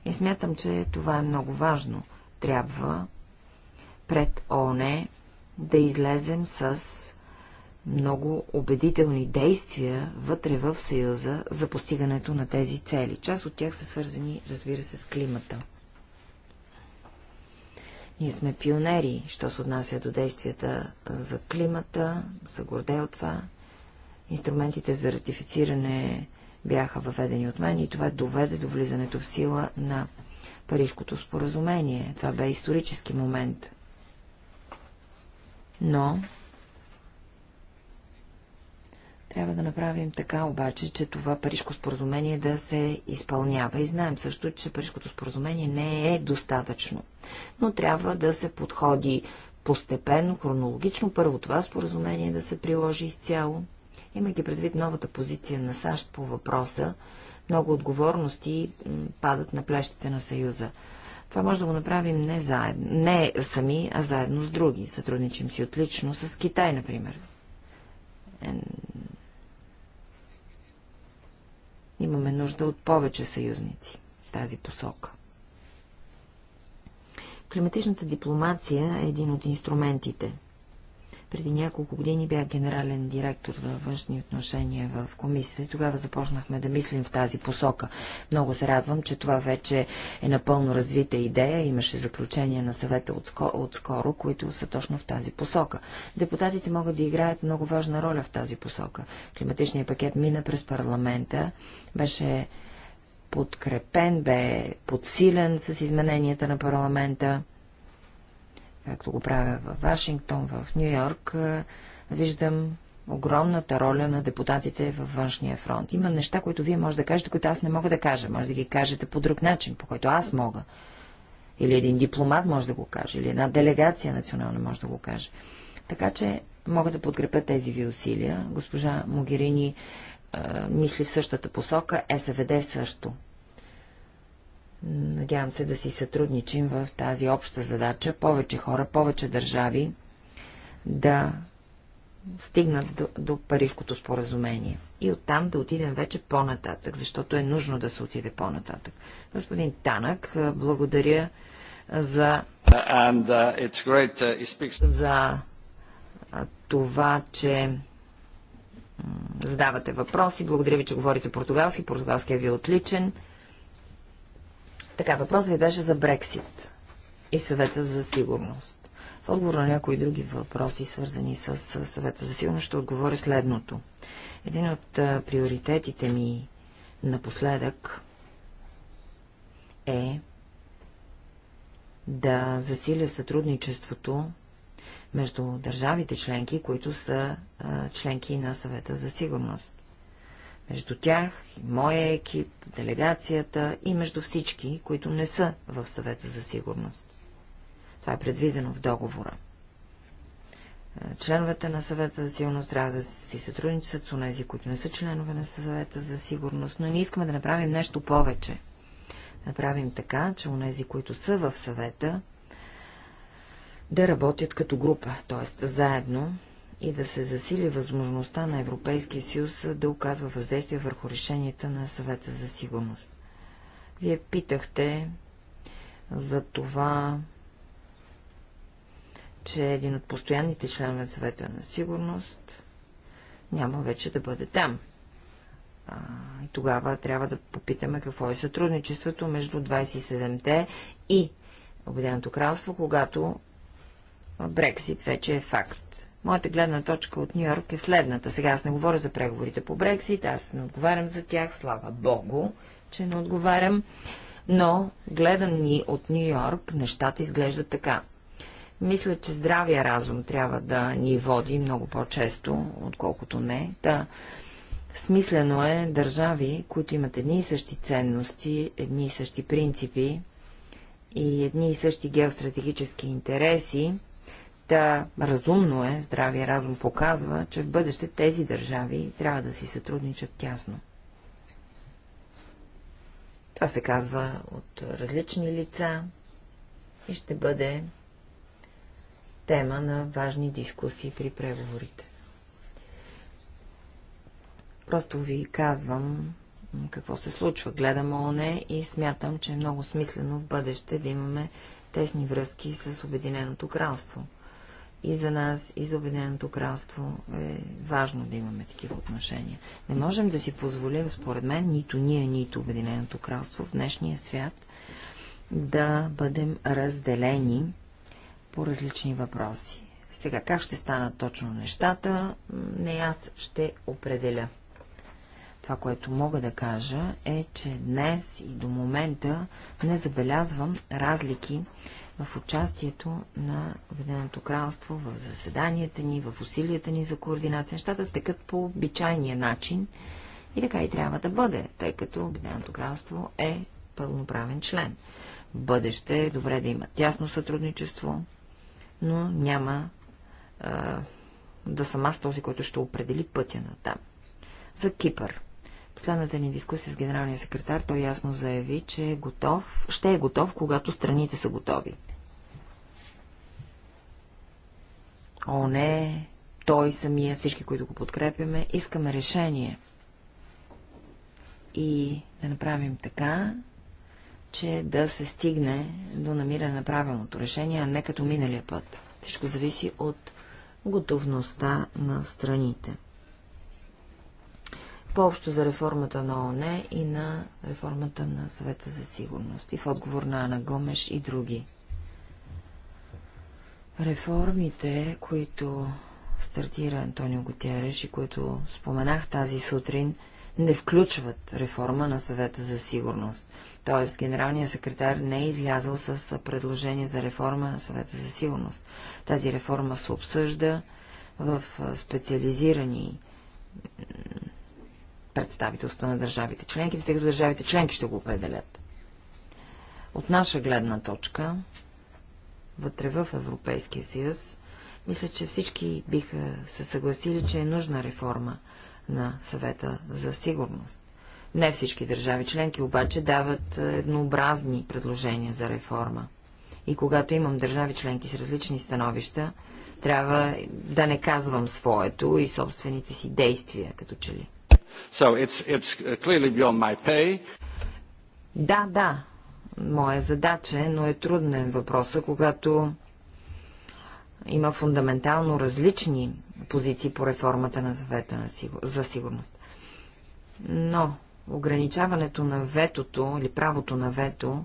И смятам, че това е много важно. Трябва пред ОНЕ да излезем с много убедителни действия вътре в Съюза за постигането на тези цели. Част от тях са свързани, разбира се, с климата. Ние сме пионери, що се отнася до действията за климата, за горде от това. Инструментите за ратифициране бяха въведени от мен и това доведе до влизането в сила на Парижкото споразумение. Това бе исторически момент – но трябва да направим така обаче, че това парижко споразумение да се изпълнява. И знаем също, че парижкото споразумение не е достатъчно. Но трябва да се подходи постепенно, хронологично. Първо това споразумение да се приложи изцяло. Имайки предвид новата позиция на САЩ по въпроса, много отговорности падат на плещите на Съюза. Това може да го направим не, заедно, не сами, а заедно с други. Сътрудничим си отлично с Китай, например. Имаме нужда от повече съюзници в тази посока. Климатичната дипломация е един от инструментите – преди няколко години бях генерален директор за външни отношения в комисията и тогава започнахме да мислим в тази посока. Много се радвам, че това вече е напълно развита идея. Имаше заключение на съвета отскоро, които са точно в тази посока. Депутатите могат да играят много важна роля в тази посока. Климатичният пакет мина през парламента, беше подкрепен, бе подсилен с измененията на парламента както го правя в Вашингтон, в Нью Йорк, виждам огромната роля на депутатите във външния фронт. Има неща, които вие може да кажете, които аз не мога да кажа. Може да ги кажете по друг начин, по който аз мога. Или един дипломат може да го каже, или една делегация национална може да го каже. Така че мога да подкрепя тези ви усилия. Госпожа Могерини мисли в същата посока, СВД също. Надявам се да си сътрудничим в тази обща задача, повече хора, повече държави да стигнат до, до Парижкото споразумение. И оттам да отидем вече по-нататък, защото е нужно да се отиде по-нататък. Господин Танък, благодаря за, And, uh, great, uh, speaks... за това, че задавате въпроси. Благодаря ви, че говорите португалски. Португалският ви е отличен. Така, въпрос ви беше за Брексит и съвета за сигурност. В отговор на някои други въпроси, свързани с съвета за сигурност, ще отговоря следното. Един от приоритетите ми напоследък е да засиля сътрудничеството между държавите членки, които са членки на съвета за сигурност между тях, и моя екип, делегацията и между всички, които не са в съвета за сигурност. Това е предвидено в договора. Е, членовете на съвета за сигурност трябва да си сътрудничат с тези, които не са членове на съвета за сигурност, но не искаме да направим нещо повече. Да направим така, че онези, които са в съвета, да работят като група, т.е. заедно, и да се засили възможността на Европейския съюз да оказва въздействие върху решенията на съвета за сигурност. Вие питахте за това, че един от постоянните членове на съвета на сигурност няма вече да бъде там. А, и тогава трябва да попитаме какво е сътрудничеството между 27-те и Обединеното кралство, когато Брексит вече е факт. Моята гледна точка от Нью Йорк е следната. Сега аз не говоря за преговорите по Брексит, аз не отговарям за тях, слава Богу, че не отговарям, но гледани от Нью Йорк нещата изглеждат така. Мисля, че здравия разум трябва да ни води много по-често, отколкото не. Та, смислено е държави, които имат едни и същи ценности, едни и същи принципи и едни и същи геостратегически интереси, Та разумно е, здравия разум показва, че в бъдеще тези държави трябва да си сътрудничат тясно. Това се казва от различни лица и ще бъде тема на важни дискусии при преговорите. Просто ви казвам какво се случва. Гледам ОНЕ и смятам, че е много смислено в бъдеще да имаме тесни връзки с Обединеното кралство – и за нас, и за Обединеното кралство е важно да имаме такива отношения. Не можем да си позволим, според мен, нито ние, нито Обединеното кралство в днешния свят да бъдем разделени по различни въпроси. Сега, как ще станат точно нещата, не аз ще определя. Това, което мога да кажа е, че днес и до момента не забелязвам разлики в участието на Обединеното кралство в заседанията ни, в усилията ни за координация. Нещата текат по обичайния начин и така и трябва да бъде, тъй като Обединеното кралство е пълноправен член. В бъдеще е добре да има тясно сътрудничество, но няма а, да съм аз този, който ще определи пътя на там. За Кипър последната ни дискусия с генералния секретар той ясно заяви, че е готов, ще е готов, когато страните са готови. О, не, той самия, всички, които го подкрепяме, искаме решение. И да направим така, че да се стигне до намиране на правилното решение, а не като миналия път. Всичко зависи от готовността на страните по-общо за реформата на ООН и на реформата на съвета за сигурност и в отговор на Ана Гомеш и други. Реформите, които стартира Антонио Гутереш и които споменах тази сутрин, не включват реформа на съвета за сигурност. Тоест, генералният секретар не е излязъл с предложение за реформа на съвета за сигурност. Тази реформа се обсъжда в специализирани представителство на държавите членки, тъй като държавите членки ще го определят. От наша гледна точка, вътре в Европейския съюз, мисля, че всички биха се съгласили, че е нужна реформа на съвета за сигурност. Не всички държави членки обаче дават е, еднообразни предложения за реформа. И когато имам държави членки с различни становища, трябва да не казвам своето и собствените си действия, като че ли. So it's, it's clearly beyond my pay. Да, да. Моя задача е, но е труден въпрос, когато има фундаментално различни позиции по реформата на съвета на сигур... за сигурност. Но ограничаването на ветото или правото на вето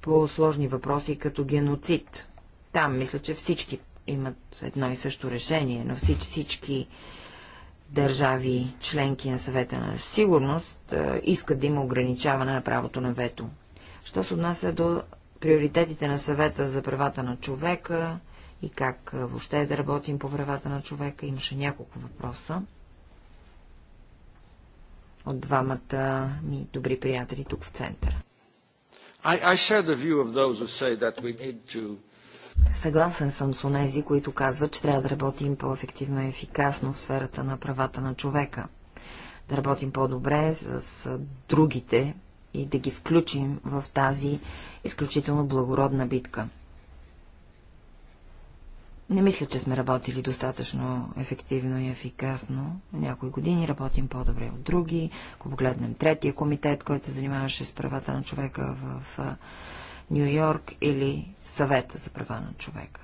по сложни въпроси като геноцид. Там мисля, че всички имат едно и също решение, но всички, всички държави, членки на съвета на сигурност, е, искат да има ограничаване на правото на вето. Що се отнася до приоритетите на съвета за правата на човека и как е, въобще да работим по правата на човека, имаше няколко въпроса от двамата ми добри приятели тук в центъра. I, I share the view of those who say that we need to Съгласен съм с онези, които казват, че трябва да работим по-ефективно и ефикасно в сферата на правата на човека. Да работим по-добре с другите и да ги включим в тази изключително благородна битка. Не мисля, че сме работили достатъчно ефективно и ефикасно. Някои години работим по-добре от други. Ако погледнем третия комитет, който се занимаваше с правата на човека в Нью Йорк или Съвета за права на човека.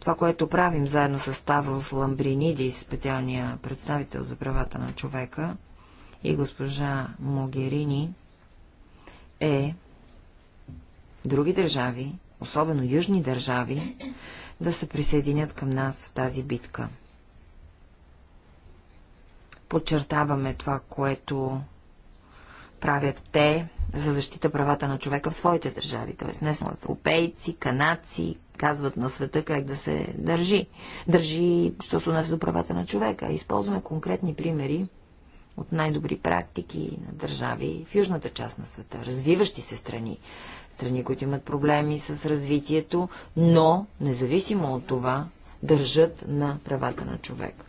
Това, което правим заедно с Ставрос Ламбриниди, специалния представител за правата на човека, и госпожа Могерини, е други държави, особено южни държави, да се присъединят към нас в тази битка. Подчертаваме това, което правят те за защита правата на човека в своите държави. Т.е. не само европейци, канадци, казват на света как да се държи. Държи, що се отнася до правата на човека. Използваме конкретни примери от най-добри практики на държави в южната част на света, развиващи се страни, страни, които имат проблеми с развитието, но независимо от това държат на правата на човека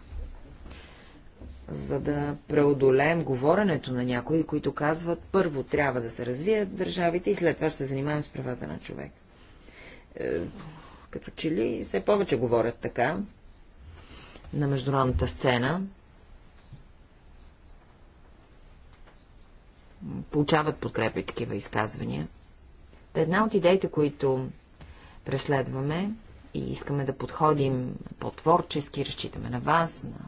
за да преодолеем говоренето на някои, които казват, първо трябва да се развият държавите и след това ще се занимаем с правата на човек. Е, като че ли все повече говорят така на международната сцена. Получават подкрепа и такива изказвания. Та една от идеите, които преследваме и искаме да подходим по-творчески, разчитаме на вас, на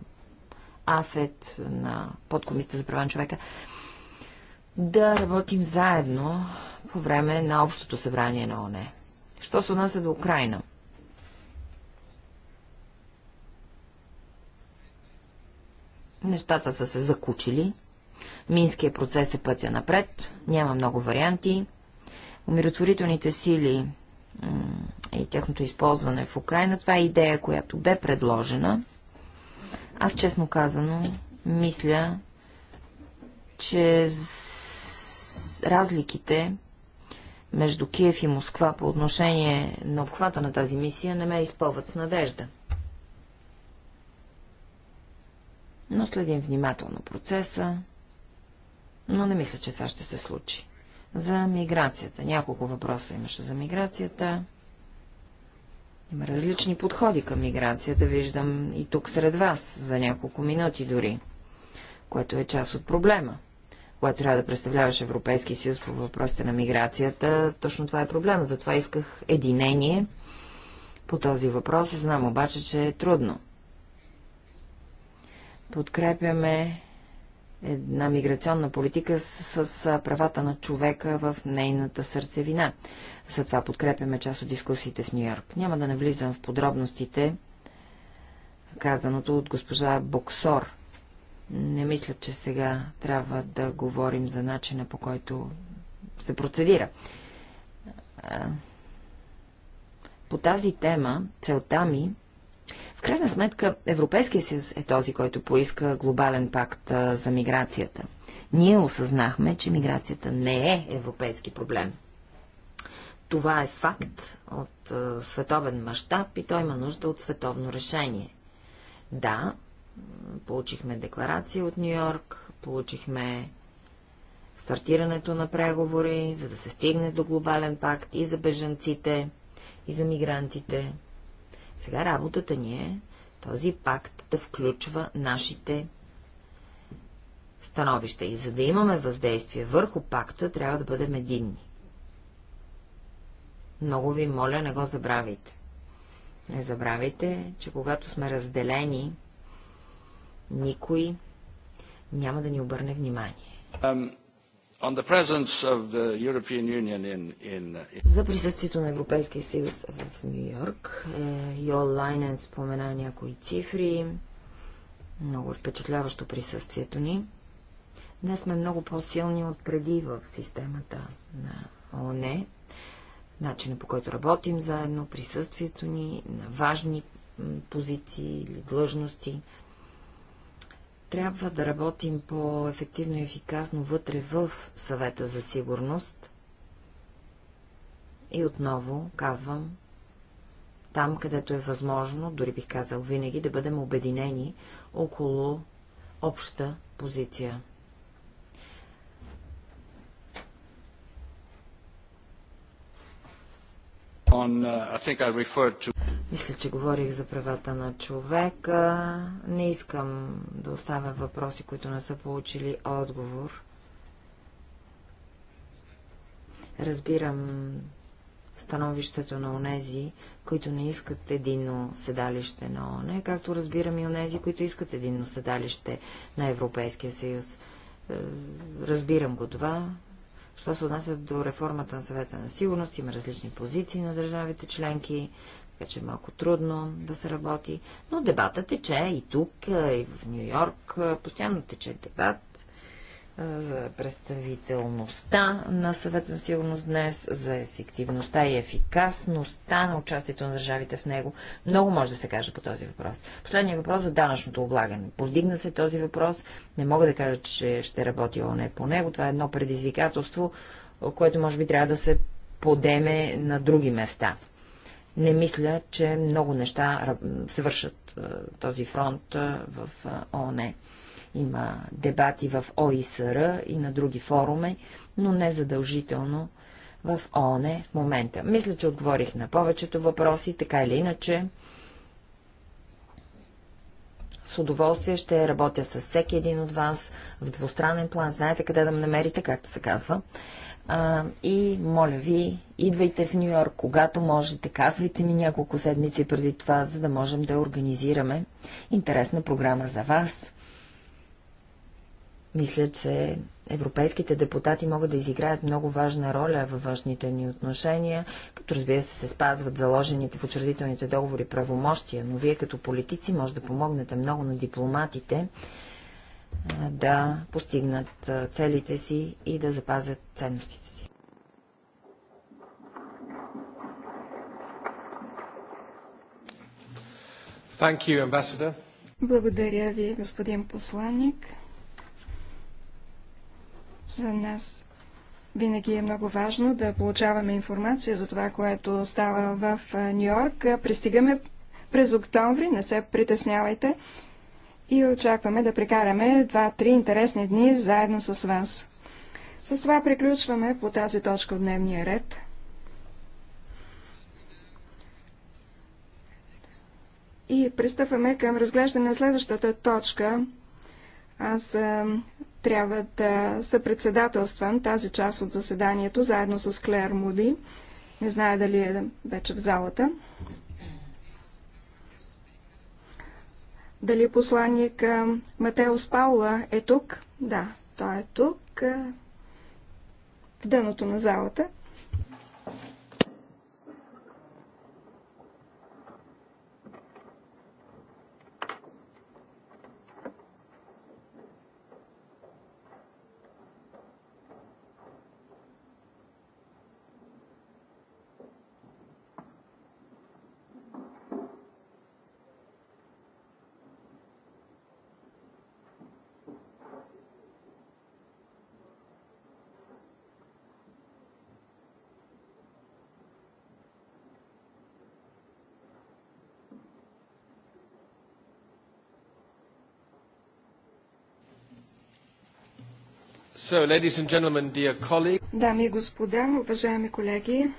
АФЕТ, на подкомисията за права на човека, да работим заедно по време на общото събрание на ОНЕ. Що се отнася до Украина? Нещата са се закучили. Минския процес е пътя напред. Няма много варианти. Умиротворителните сили и тяхното използване в Украина, това е идея, която бе предложена – аз честно казано мисля, че разликите между Киев и Москва по отношение на обхвата на тази мисия не ме изпълват с надежда. Но следим внимателно процеса, но не мисля, че това ще се случи. За миграцията. Няколко въпроса имаше за миграцията. Има различни подходи към миграцията, виждам и тук сред вас, за няколко минути дори, което е част от проблема. Когато трябва да представляваш Европейския съюз по въпросите на миграцията, точно това е проблема. Затова исках единение по този въпрос. Знам обаче, че е трудно. Подкрепяме една миграционна политика с, с правата на човека в нейната сърцевина. За това подкрепяме част от дискусиите в Нью-Йорк. Няма да навлизам в подробностите, казаното от госпожа Боксор. Не мисля, че сега трябва да говорим за начина по който се процедира. По тази тема целта ми в крайна сметка Европейския съюз е този, който поиска глобален пакт а, за миграцията. Ние осъзнахме, че миграцията не е европейски проблем. Това е факт от а, световен мащаб и той има нужда от световно решение. Да, получихме декларация от Нью Йорк, получихме стартирането на преговори, за да се стигне до глобален пакт и за бежанците, и за мигрантите. Сега работата ни е този пакт да включва нашите становища. И за да имаме въздействие върху пакта, трябва да бъдем единни. Много ви моля, не го забравяйте. Не забравяйте, че когато сме разделени, никой няма да ни обърне внимание. Um, за присъствието на Европейския съюз в Нью Йорк, е, Йол Лайнен спомена някои цифри. Много е впечатляващо присъствието ни. Днес сме много по-силни от преди в системата на ООН. Начина по който работим заедно, присъствието ни на важни позиции или длъжности – трябва да работим по-ефективно и ефикасно вътре в съвета за сигурност. И отново казвам, там, където е възможно, дори бих казал винаги, да бъдем обединени около обща позиция. On, uh, I think I referred to мисля, че говорих за правата на човека. Не искам да оставя въпроси, които не са получили отговор. Разбирам становището на онези, които не искат единно седалище на ОНЕ, както разбирам и онези, които искат единно седалище на Европейския съюз. Е, разбирам го това. Що се отнася до реформата на съвета на сигурност, има различни позиции на държавите членки вече че е малко трудно да се работи. Но дебата тече и тук, е, и в Нью Йорк. Е, постоянно тече дебат е, за представителността на съвета на сигурност днес, за ефективността и ефикасността на участието на държавите в него. Много може да се каже по този въпрос. Последният въпрос за данъчното облагане. Повдигна се този въпрос. Не мога да кажа, че ще работи ОНЕ по него. Това е едно предизвикателство, което може би трябва да се подеме на други места не мисля, че много неща свършат този фронт в ООН. Има дебати в ОИСР и на други форуми, но не задължително в ООН в момента. Мисля, че отговорих на повечето въпроси, така или иначе. С удоволствие ще работя с всеки един от вас в двустранен план. Знаете къде да ме намерите, както се казва. А, и моля ви, идвайте в Нью Йорк, когато можете. Казвайте ми няколко седмици преди това, за да можем да организираме интересна програма за вас. Мисля, че европейските депутати могат да изиграят много важна роля във външните ни отношения, като разбира се се спазват заложените в учредителните договори правомощия, но вие като политици може да помогнете много на дипломатите, да постигнат целите си и да запазят ценностите си. You, Благодаря ви, господин посланник. За нас винаги е много важно да получаваме информация за това, което става в Нью-Йорк. Пристигаме през октомври, не се притеснявайте и очакваме да прекараме 2-3 интересни дни заедно с вас. С това приключваме по тази точка от дневния ред. И пристъпваме към разглеждане на следващата точка. Аз а, трябва да съпредседателствам тази част от заседанието заедно с Клер Муди. Не знае дали е вече в залата. Дали послание към Матеус Паула е тук? Да, той е тук, в дъното на залата. So, ladies and gentlemen, dear colleagues. Дами и господа, уважаеми колеги,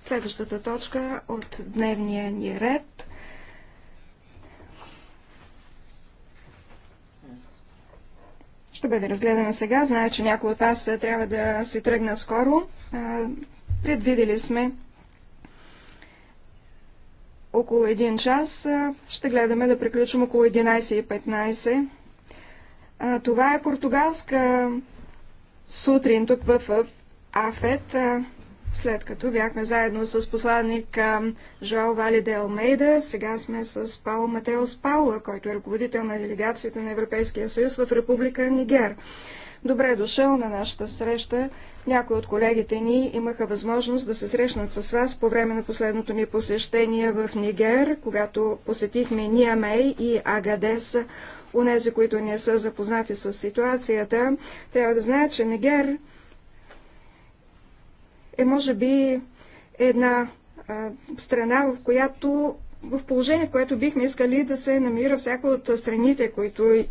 следващата точка от дневния ни ред ще бъде разгледана сега. Знае, че някои от вас трябва да си тръгна скоро. Предвидели сме около 1 час. Ще гледаме да приключим около 11.15. Това е португалска сутрин тук в Афет, след като бяхме заедно с посланник Жоал Вали де Алмейда. Сега сме с Паул Матеос Паула, който е ръководител на делегацията на Европейския съюз в Република Нигер. Добре е дошъл на нашата среща. Някои от колегите ни имаха възможност да се срещнат с вас по време на последното ми посещение в Нигер, когато посетихме Ниамей и Агадес Унези, които не са запознати с ситуацията, трябва да знаят, че Нигер е, може би, една а, страна, в която в положение, в което бихме искали да се намира всяка от страните, които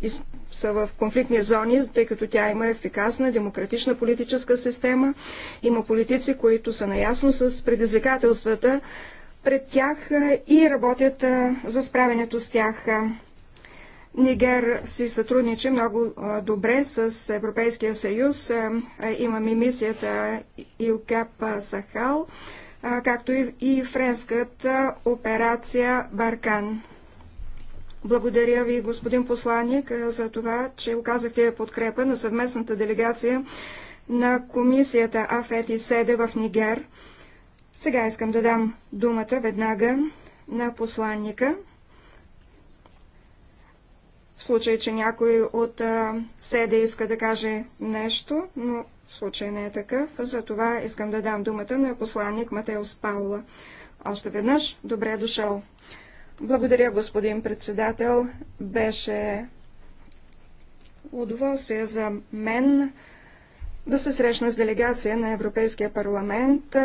са в конфликтни зони, тъй като тя има ефикасна демократична политическа система, има политици, които са наясно с предизвикателствата пред тях и работят за справянето с тях. Нигер си сътрудничи много добре с Европейския съюз. Имаме мисията ИЛКАП Сахал, както и френската операция Баркан. Благодаря ви, господин посланник, за това, че оказахте подкрепа на съвместната делегация на комисията АФЕТ и СЕДЕ в Нигер. Сега искам да дам думата веднага на посланника в случай, че някой от СЕДЕ иска да каже нещо, но в случай не е такъв. Затова искам да дам думата на посланник Матеус Паула. Още веднъж добре дошъл. Благодаря, господин председател. Беше удоволствие за мен да се срещна с делегация на Европейския парламент.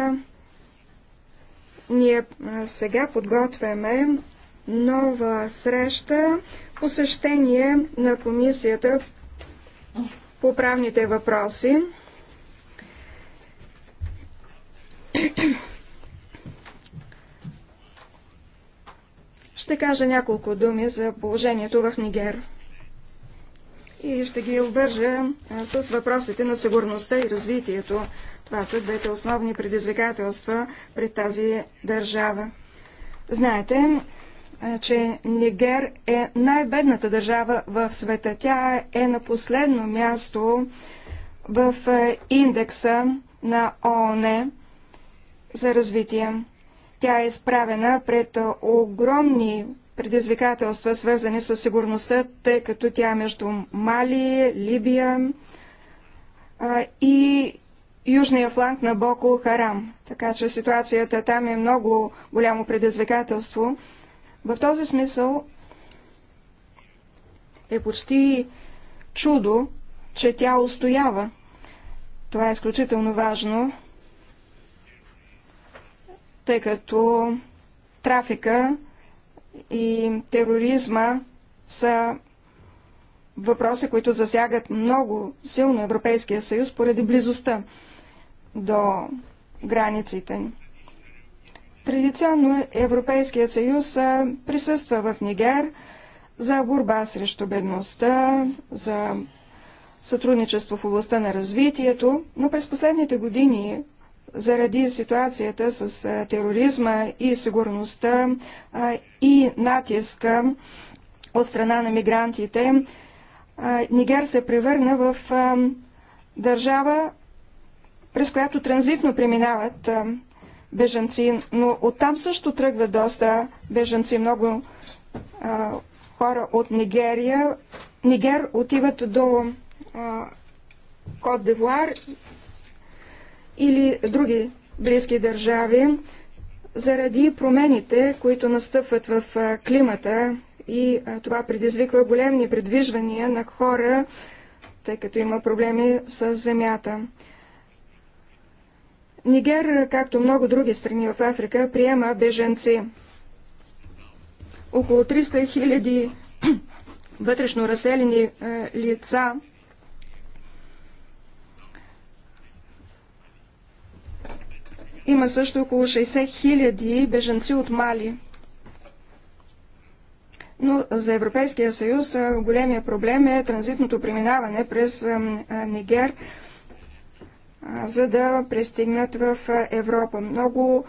Ние сега подготвяме нова среща посещение на комисията по правните въпроси. Ще кажа няколко думи за положението в Нигер и ще ги обържа с въпросите на сигурността и развитието. Това са двете основни предизвикателства пред тази държава. Знаете, е, че Нигер е най-бедната държава в света. Тя е на последно място в е, индекса на ООН за развитие. Тя е изправена пред огромни предизвикателства, свързани с сигурността, тъй като тя е между Мали, Либия и южния фланг на Боко Харам. Така че ситуацията там е много голямо предизвикателство. В този смисъл е почти чудо, че тя устоява. Това е изключително важно, тъй като трафика и тероризма са въпроси, които засягат много силно Европейския съюз поради близостта до границите ни. Традиционно Европейският съюз присъства в Нигер за борба срещу бедността, за сътрудничество в областта на развитието, но през последните години, заради ситуацията с тероризма и сигурността и натиска от страна на мигрантите, Нигер се превърна в държава, през която транзитно преминават бежанци, но оттам също тръгват доста беженци, много а, хора от Нигерия. Нигер отиват до Кот Девуар или други близки държави заради промените, които настъпват в климата и това предизвиква големи предвижвания на хора, тъй като има проблеми с земята. Нигер, както много други страни в Африка, приема беженци. Около 300 хиляди вътрешно разселени е, лица Има също около 60 хиляди беженци от Мали. Но за Европейския съюз е, големия проблем е транзитното преминаване през е, Нигер за да пристигнат в Европа. Много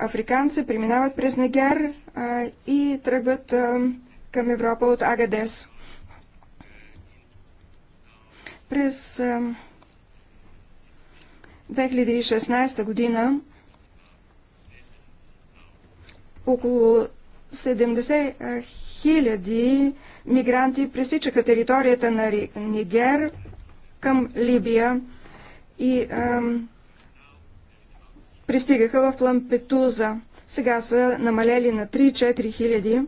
африканци преминават през Нигер и тръгват към Европа от Агадес. През 2016 година около 70 хиляди мигранти пресичаха територията на Нигер към Либия и ам, пристигаха в Лампетуза. Сега са намалели на 3-4 хиляди.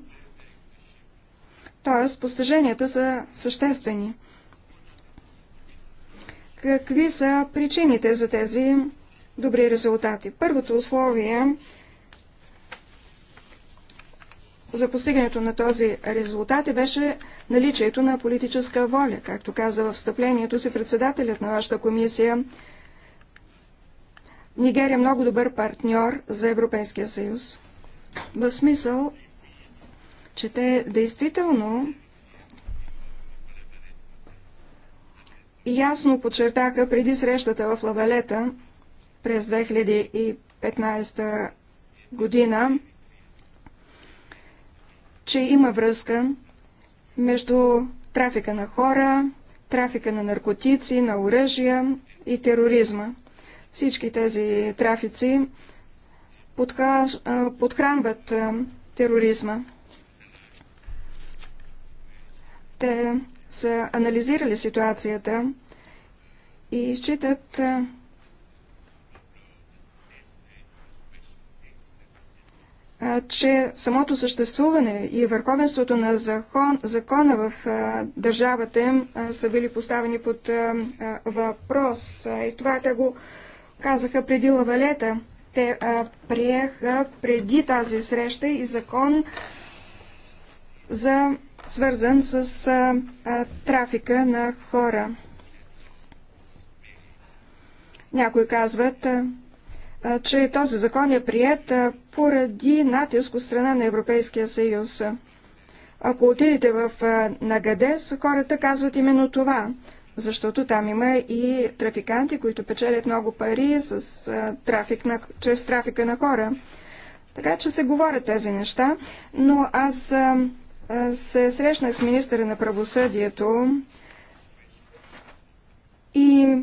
Тоест, постиженията са съществени. Какви са причините за тези добри резултати? Първото условие за постигането на този резултат и беше наличието на политическа воля. Както каза в встъплението си председателят на вашата комисия, Нигерия е много добър партньор за Европейския съюз. В смисъл, че те действително ясно подчертаха преди срещата в Лавалета през 2015 година, че има връзка между трафика на хора, трафика на наркотици, на оръжия и тероризма. Всички тези трафици подхранват тероризма. Те са анализирали ситуацията и считат, че самото съществуване и върховенството на закон, закона в държавата им са били поставени под въпрос. И това те го казаха преди лавалета. Те приеха преди тази среща и закон за свързан с трафика на хора. Някои казват, че този закон е прият поради натиск от страна на Европейския съюз. Ако отидете в Нагадес, хората казват именно това, защото там има и трафиканти, които печелят много пари с трафик на, чрез трафика на хора. Така че се говорят тези неща, но аз се срещнах с министъра на правосъдието и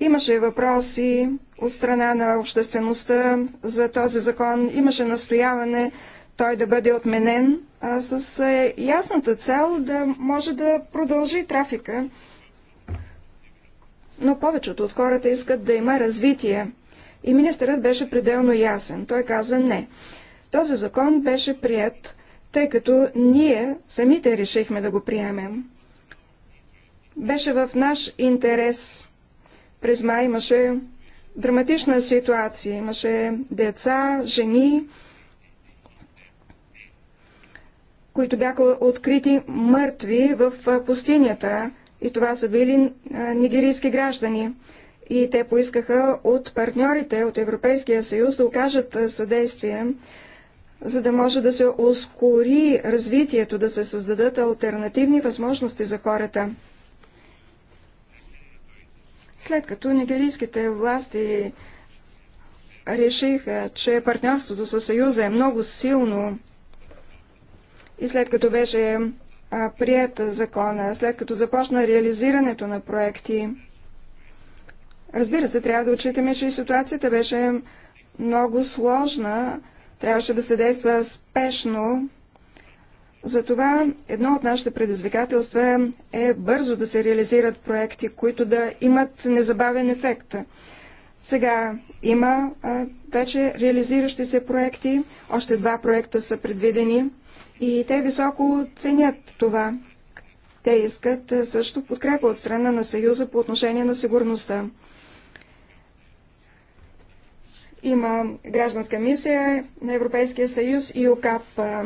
имаше въпроси от страна на обществеността за този закон. Имаше настояване той да бъде отменен а, с а, е, ясната цел да може да продължи трафика. Но повечето от хората искат да има развитие. И министърът беше пределно ясен. Той каза не. Този закон беше прият, тъй като ние самите решихме да го приемем. Беше в наш интерес. През май имаше драматична ситуация. Имаше деца, жени, които бяха открити мъртви в пустинята и това са били нигерийски граждани. И те поискаха от партньорите от Европейския съюз да окажат съдействие, за да може да се ускори развитието, да се създадат альтернативни възможности за хората. След като нигерийските власти решиха, че партньорството със Съюза е много силно и след като беше прият закона, след като започна реализирането на проекти, разбира се, трябва да отчитаме, че ситуацията беше много сложна, трябваше да се действа спешно, затова едно от нашите предизвикателства е бързо да се реализират проекти, които да имат незабавен ефект. Сега има а, вече реализиращи се проекти, още два проекта са предвидени и те високо ценят това. Те искат а, също подкрепа от страна на Съюза по отношение на сигурността. Има гражданска мисия на Европейския съюз и ОКАП. А,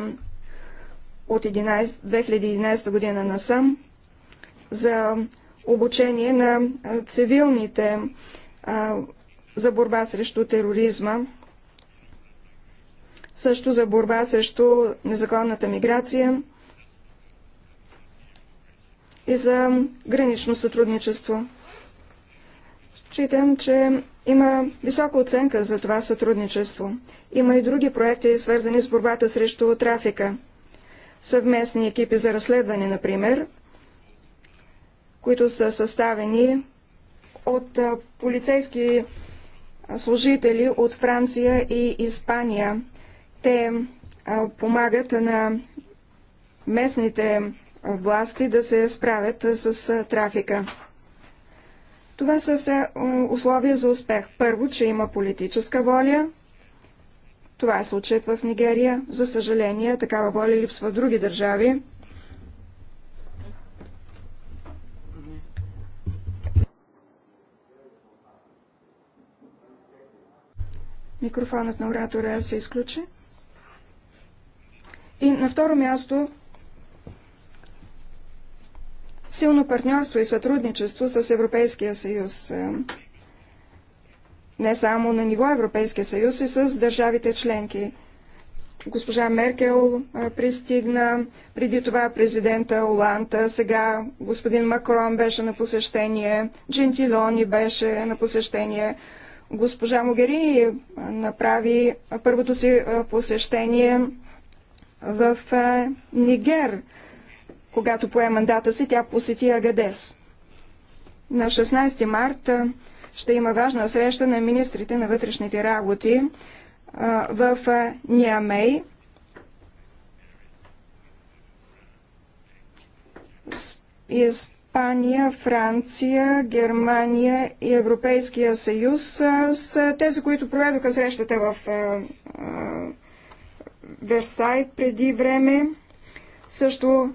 от 11, 2011 година насам за обучение на цивилните а, за борба срещу тероризма, също за борба срещу незаконната миграция и за гранично сътрудничество. Читам, че има висока оценка за това сътрудничество. Има и други проекти, свързани с борбата срещу трафика – съвместни екипи за разследване, например, които са съставени от полицейски служители от Франция и Испания. Те помагат на местните власти да се справят с трафика. Това са все условия за успех. Първо, че има политическа воля, това е случаят в Нигерия. За съжаление, такава воля липсва в други държави. Микрофонът на оратора се изключи. И на второ място силно партньорство и сътрудничество с Европейския съюз не само на ниво Европейския съюз и с държавите членки. Госпожа Меркел пристигна, преди това президента Оланта, сега господин Макрон беше на посещение, Джентилони беше на посещение, госпожа Могерини направи първото си посещение в Нигер. Когато пое мандата си, тя посети Агадес. На 16 марта ще има важна среща на министрите на вътрешните работи в Ниамей. Испания, Франция, Германия и Европейския съюз са тези, които проведоха срещата в Версай преди време. Също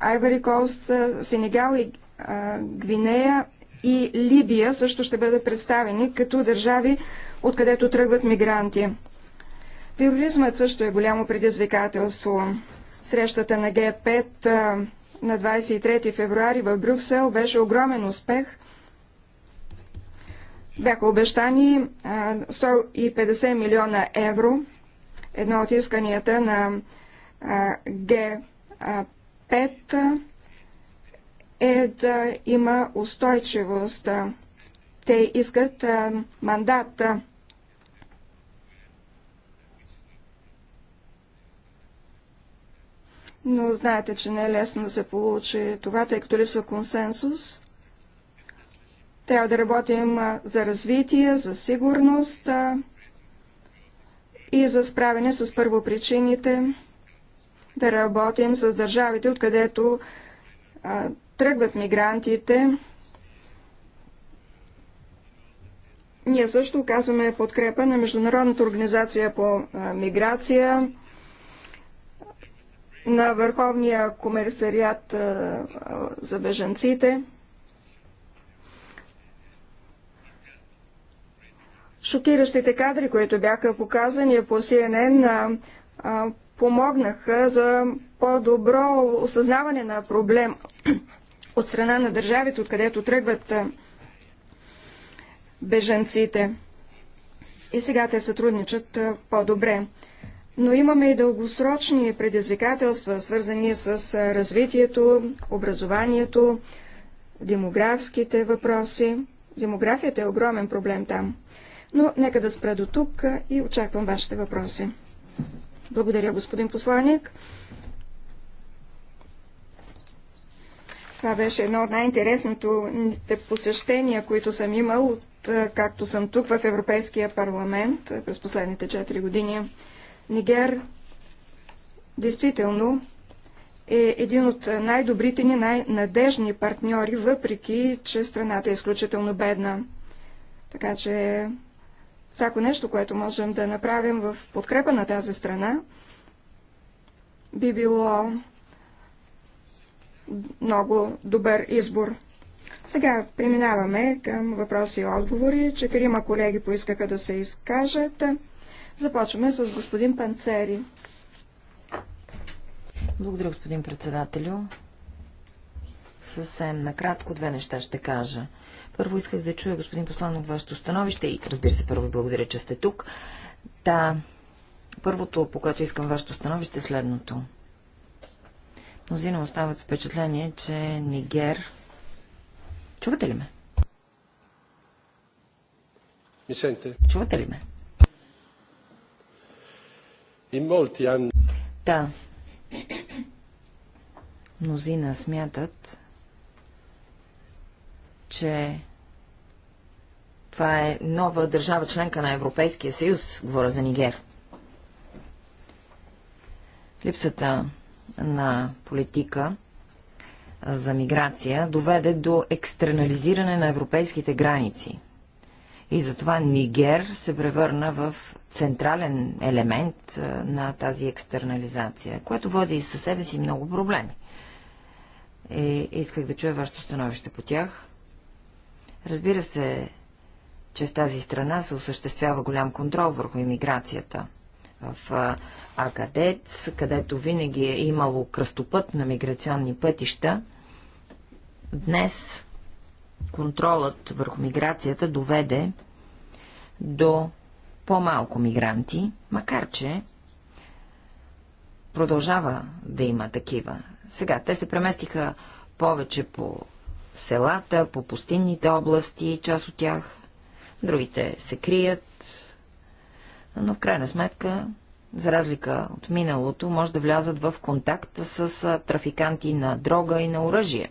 Айвари Кост, Сенегал и Гвинея и Либия също ще бъде представени като държави, откъдето тръгват мигранти. Тероризмът също е голямо предизвикателство. Срещата на Г5 на 23 февруари в Брюксел беше огромен успех. Бяха обещани 150 милиона евро, едно от исканията на Г5 е да има устойчивост. Те искат мандат. Но знаете, че не е лесно да се получи това, тъй като липсва консенсус. Трябва да работим за развитие, за сигурност и за справяне с първопричините, да работим с държавите, откъдето тръгват мигрантите. Ние също оказваме подкрепа на Международната организация по миграция, на Върховния комерсариат за беженците. Шокиращите кадри, които бяха показани по CNN, помогнаха за по-добро осъзнаване на проблема от страна на държавите, откъдето тръгват беженците. И сега те сътрудничат по-добре. Но имаме и дългосрочни предизвикателства, свързани с развитието, образованието, демографските въпроси. Демографията е огромен проблем там. Но нека да спра до тук и очаквам вашите въпроси. Благодаря, господин посланник. Това беше едно от най-интересното посещения, които съм имал, от, както съм тук в Европейския парламент през последните 4 години. Нигер действително е един от най-добрите ни, най-надежни партньори, въпреки, че страната е изключително бедна. Така че всяко нещо, което можем да направим в подкрепа на тази страна, би било много добър избор. Сега преминаваме към въпроси и отговори. Четирима колеги поискаха да се изкажат. Започваме с господин Панцери. Благодаря, господин председателю. Съвсем накратко две неща ще кажа. Първо исках да чуя, господин посланник, вашето становище и разбира се, първо благодаря, че сте тук. Та, първото, по което искам вашето становище, е следното. Мнозина остават с впечатление, че Нигер... Чувате ли ме? Мисенте. Чувате ли ме? И молти Да. Мнозина смятат, че това е нова държава членка на Европейския съюз, говоря за Нигер. Липсата на политика за миграция доведе до екстренализиране на европейските граници. И затова Нигер се превърна в централен елемент е, на тази екстернализация, което води и със себе си много проблеми. И исках да чуя вашето становище по тях. Разбира се, че в тази страна се осъществява голям контрол върху иммиграцията – в Агадец, където винаги е имало кръстопът на миграционни пътища, днес контролът върху миграцията доведе до по-малко мигранти, макар че продължава да има такива. Сега те се преместиха повече по селата, по пустинните области, част от тях. Другите се крият, но в крайна сметка, за разлика от миналото, може да влязат в контакт с трафиканти на дрога и на оръжие.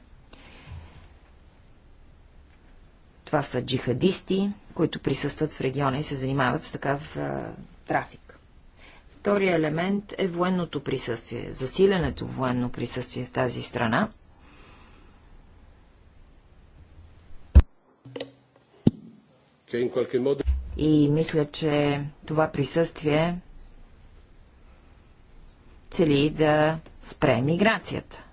Това са джихадисти, които присъстват в региона и се занимават с такъв е, трафик. Втория елемент е военното присъствие, засиленето военно присъствие в тази страна. Че in qualche modo и мисля, че това присъствие цели да спре миграцията.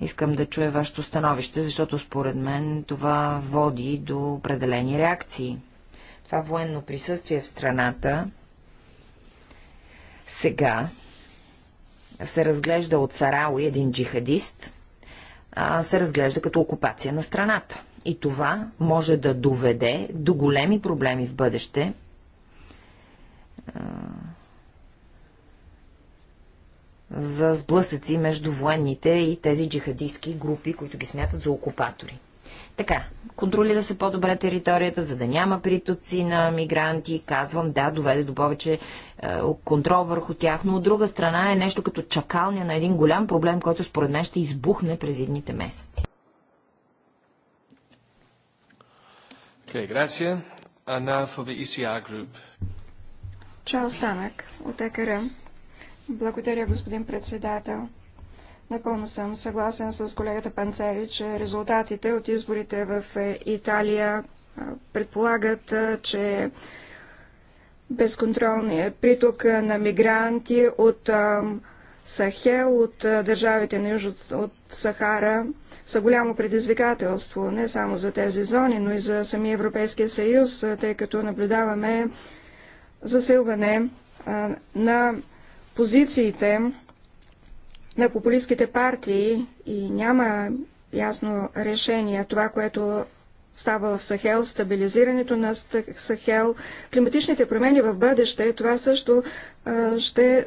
Искам да чуя вашето становище, защото според мен това води до определени реакции. Това военно присъствие в страната сега се разглежда от Сарауи, един джихадист, се разглежда като окупация на страната. И това може да доведе до големи проблеми в бъдеще. за сблъсъци между военните и тези джихадистски групи, които ги смятат за окупатори. Така, контролира се по-добре територията, за да няма притоци на мигранти. Казвам, да, доведе до повече е, контрол върху тях, но от друга страна е нещо като чакалня на един голям проблем, който според мен ще избухне през едните месеци. Okay, grazie. now for the ECR group. Чарлз Танък от ЕКР. Благодаря, господин председател. Напълно съм съгласен с колегата Панцери, че резултатите от изборите в е, Италия предполагат, че безконтролният приток на мигранти от Сахел от държавите на юж от Сахара са голямо предизвикателство не само за тези зони, но и за самия Европейския съюз, тъй като наблюдаваме засилване на позициите на популистските партии и няма ясно решение. Това, което става в Сахел, стабилизирането на Сахел, климатичните промени в бъдеще, това също ще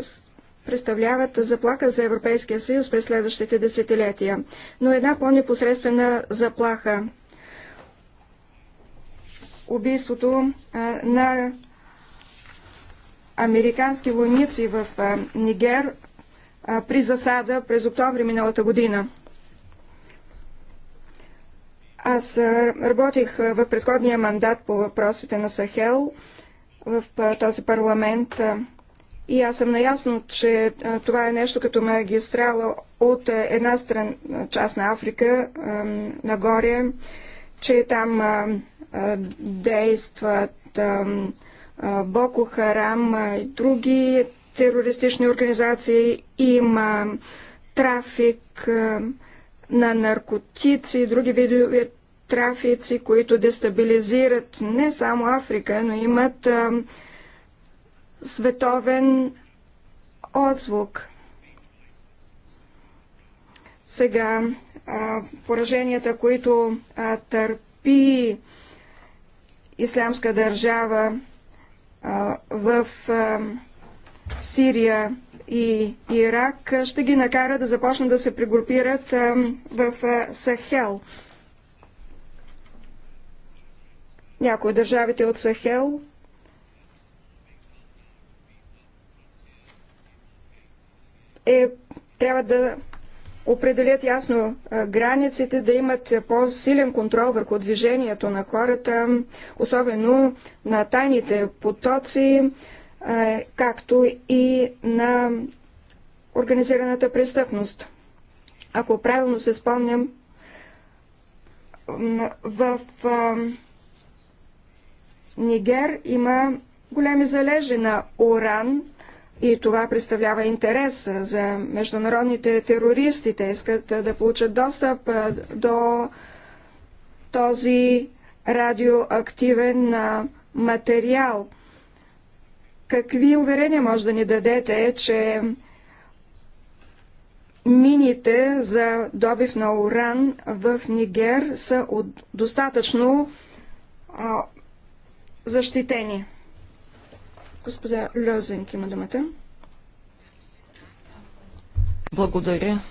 представляват заплаха за Европейския съюз през следващите десетилетия, но една по-непосредствена заплаха убийството на американски войници в Нигер при засада през октомври миналата година. Аз работих в предходния мандат по въпросите на Сахел в този парламент. И аз съм наясно, че това е нещо като магистрала от една страна част на Африка, нагоре, че там действат Боко Харам и други терористични организации, има трафик на наркотици и други видове трафици, които дестабилизират не само Африка, но имат световен отзвук. Сега пораженията, които търпи Ислямска държава в Сирия и Ирак, ще ги накара да започнат да се пригрупират в Сахел. Някои държавите от Сахел е, трябва да определят ясно границите, да имат по-силен контрол върху движението на хората, особено на тайните потоци, както и на организираната престъпност. Ако правилно се спомням, в Нигер има големи залежи на уран, и това представлява интерес за международните терористи. Те искат да получат достъп до този радиоактивен материал. Какви уверения може да ни дадете, че мините за добив на уран в Нигер са достатъчно защитени? Господа Лозинг има думата. Благодаря.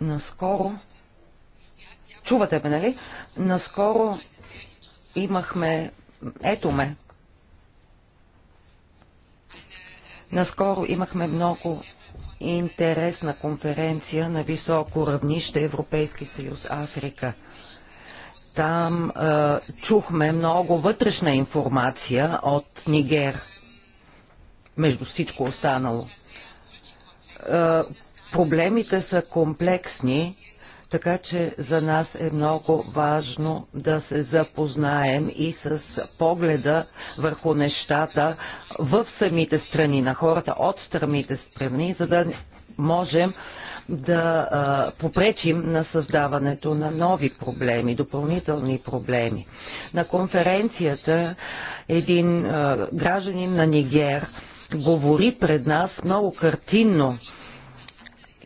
Наскоро. Чувате ме, нали? Наскоро имахме. Ето ме. Наскоро имахме много интересна конференция на високо равнище Европейски съюз Африка. Там а, е, чухме много вътрешна информация от Нигер, между всичко останало. А, е, проблемите са комплексни, така че за нас е много важно да се запознаем и с погледа върху нещата в самите страни, на хората от страните страни, за да можем да а, попречим на създаването на нови проблеми, допълнителни проблеми. На конференцията един а, гражданин на Нигер говори пред нас много картинно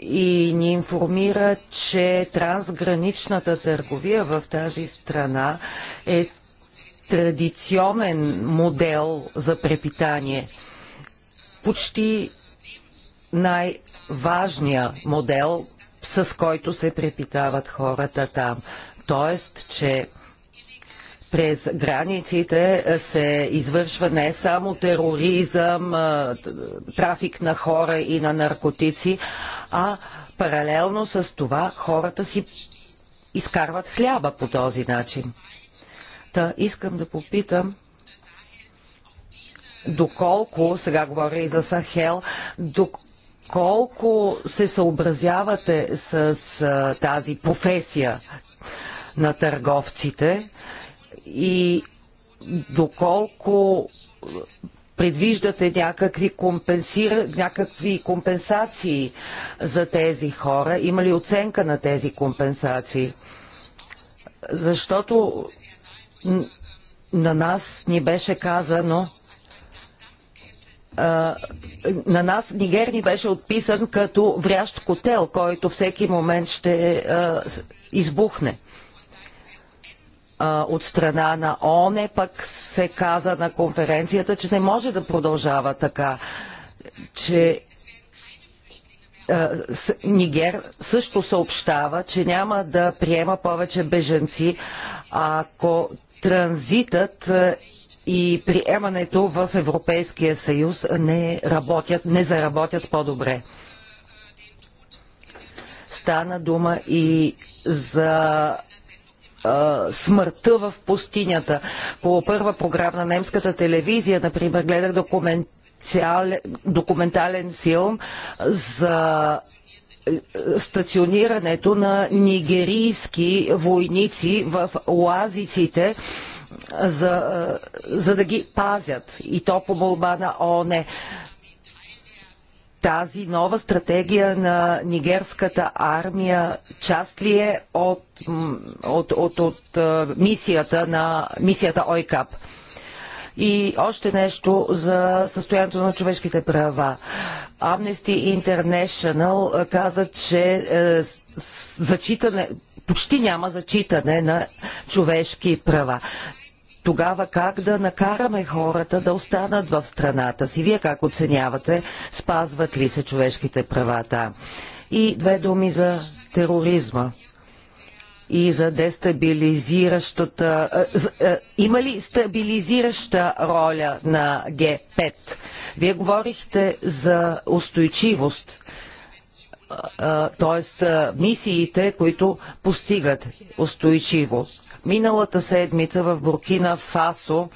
и ни информира, че трансграничната търговия в тази страна е традиционен модел за препитание. Почти най-важния модел, с който се препитават хората там. Тоест, че през границите се извършва не само тероризъм, трафик на хора и на наркотици, а паралелно с това хората си изкарват хляба по този начин. Та искам да попитам доколко, сега говоря и за Сахел, доколко доколко се съобразявате с а, тази професия на търговците и доколко предвиждате някакви, компенсира, някакви компенсации за тези хора? Има ли оценка на тези компенсации? Защото на нас ни беше казано, на нас Нигер ни беше отписан като врящ котел, който всеки момент ще избухне от страна на ОНЕ, пък се каза на конференцията, че не може да продължава така, че Нигер също съобщава, че няма да приема повече беженци, ако транзитът и приемането в Европейския съюз не, работят, не заработят по-добре. Стана дума и за смъртта в пустинята. По първа програма на немската телевизия, например, гледах документален, документален филм за стационирането на нигерийски войници в оазисите за, за да ги пазят и то по молба на ОНЕ тази нова стратегия на нигерската армия част ли е от, от, от, от мисията на мисията ОЙКАП? И още нещо за състоянието на човешките права. Amnesty International каза, че е, зачитане, почти няма зачитане на човешки права тогава как да накараме хората да останат в страната си? Вие как оценявате, спазват ли се човешките права там? И две думи за тероризма и за дестабилизиращата... Има ли стабилизираща роля на Г5? Вие говорихте за устойчивост т.е. мисиите, които постигат устойчиво. Миналата седмица в Буркина Фасо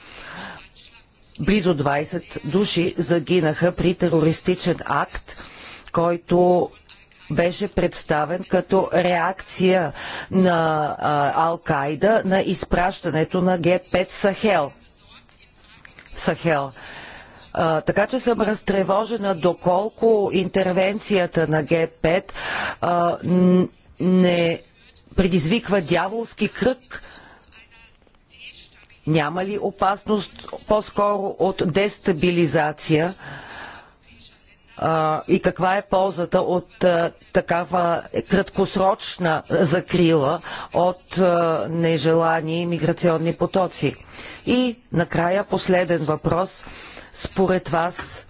близо 20 души загинаха при терористичен акт, който беше представен като реакция на Ал-Кайда на изпращането на Г5 Сахел. Сахел. А, така че съм разтревожена доколко интервенцията на Г5 а, не предизвиква дяволски кръг няма ли опасност по-скоро от дестабилизация и каква е ползата от такава краткосрочна закрила от нежелани миграционни потоци? И накрая последен въпрос според вас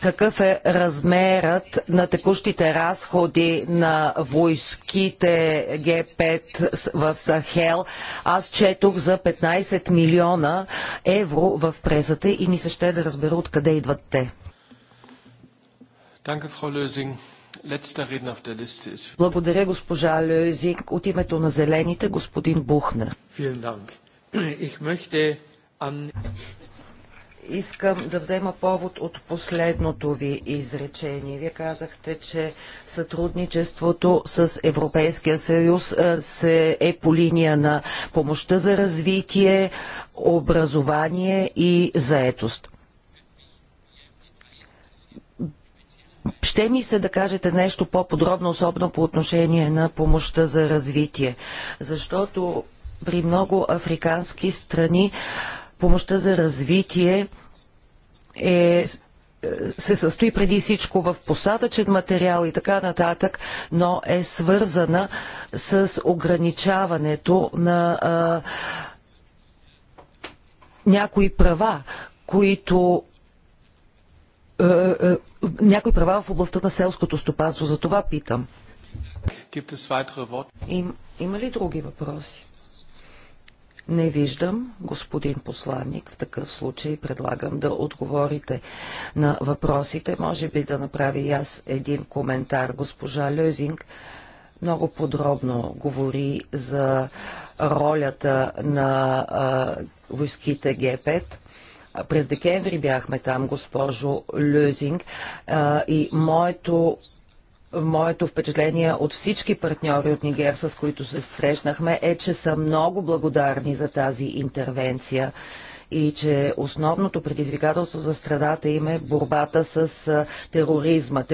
какъв е размерът на текущите разходи на войските Г5 в Сахел. Аз четох за 15 милиона евро в презата и ми се ще е да разбера откъде идват те. Благодаря, госпожа Лезинг. От името на Зелените, господин Бухнер искам да взема повод от последното ви изречение. Вие казахте, че сътрудничеството с Европейския съюз се е по линия на помощта за развитие, образование и заетост. Ще ми се да кажете нещо по-подробно, особено по отношение на помощта за развитие, защото при много африкански страни помощта за развитие е, е се състои преди всичко в посадъчен материал и така нататък, но е свързана с ограничаването на а, някои права, които е, е, някои права в областта на селското стопанство. За това питам. има ли други въпроси? Не виждам, господин посланник. В такъв случай предлагам да отговорите на въпросите. Може би да направя и аз един коментар. Госпожа Лезинг много подробно говори за ролята на а, войските Г5. През декември бяхме там, госпожо Люзинг, а, и моето моето впечатление от всички партньори от Нигер, с които се срещнахме, е, че са много благодарни за тази интервенция и че основното предизвикателство за страната им е борбата с тероризма.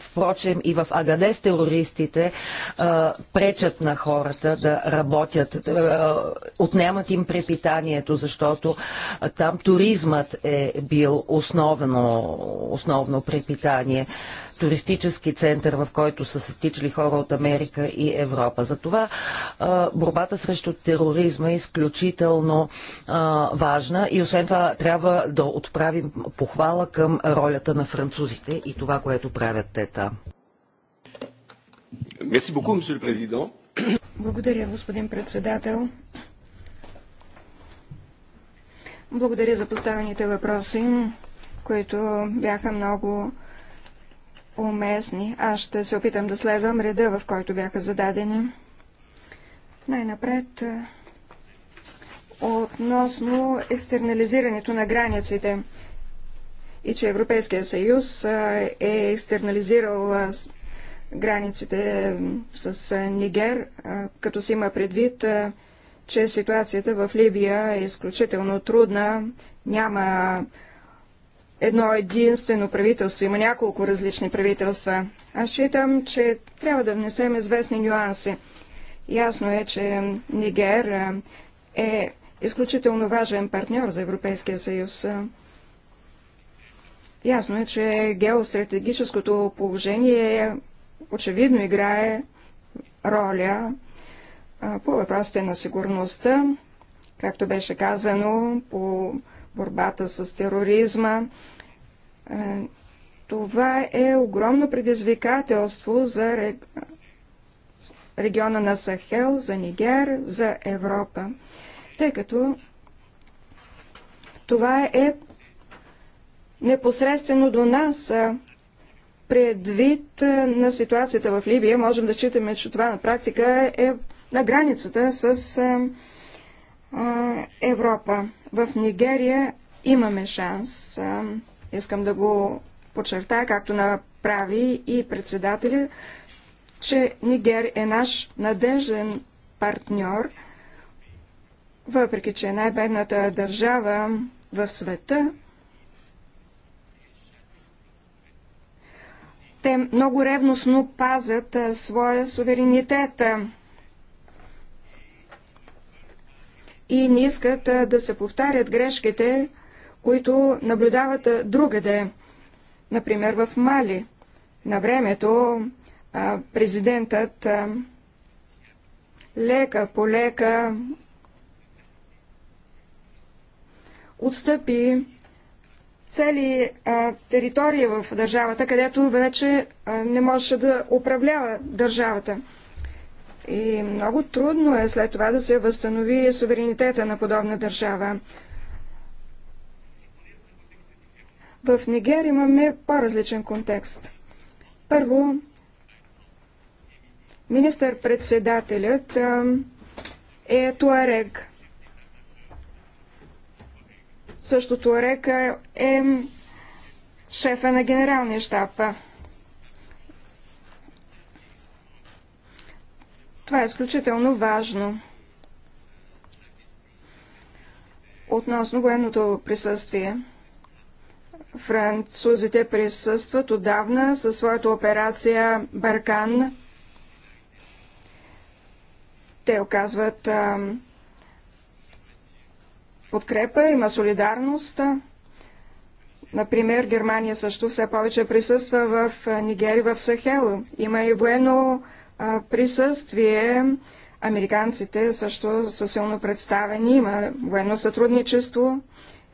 впрочем и в Агадес терористите а, пречат на хората да работят, а, отнемат им препитанието, защото а, там туризмът е бил основно, основно препитание туристически център, в който са се стичали хора от Америка и Европа. Затова борбата срещу тероризма е изключително важна и освен това трябва да отправим похвала към ролята на французите и това, което правят те там. Благодаря, господин председател. Благодаря за поставените въпроси, които бяха много уместни. Аз ще се опитам да следвам реда, в който бяха зададени. Най-напред е, относно екстернализирането на границите и че Европейския съюз е, е екстернализирал е, границите с Нигер, като си има предвид, че ситуацията в Либия е изключително трудна, няма едно единствено правителство, има няколко различни правителства. Аз считам, че трябва да внесем известни нюанси. Ясно е, че Нигер е изключително важен партньор за Европейския съюз. Ясно е, че геостратегическото положение очевидно играе роля по въпросите на сигурността, както беше казано, по борбата с тероризма. Е, това е огромно предизвикателство за региона на Сахел, за Нигер, за Европа, тъй като това е непосредствено до нас. Предвид на ситуацията в Либия, можем да читаме, че това на практика е на границата с Европа. В Нигерия имаме шанс. Искам да го подчертая, както направи и председателя, че Нигер е наш надежден партньор, въпреки че е най-бедната държава в света. Те много ревностно пазят своя суверенитет. и не искат да се повтарят грешките, които наблюдават другаде, например в Мали. На времето президентът лека по лека отстъпи цели а, територии в държавата, където вече а, не можеше да управлява държавата. И много трудно е след това да се възстанови суверенитета на подобна държава. В Нигер имаме по-различен контекст. Първо, министър-председателят е Туарег. Също Туарег е шефа на генералния щаб. Това е изключително важно. Относно военното присъствие. Французите присъстват отдавна със своята операция Баркан. Те оказват а, подкрепа, има солидарност. Например, Германия също все повече присъства в Нигери, в Сахел. Има и военно присъствие. Американците също са силно представени. Има военно сътрудничество,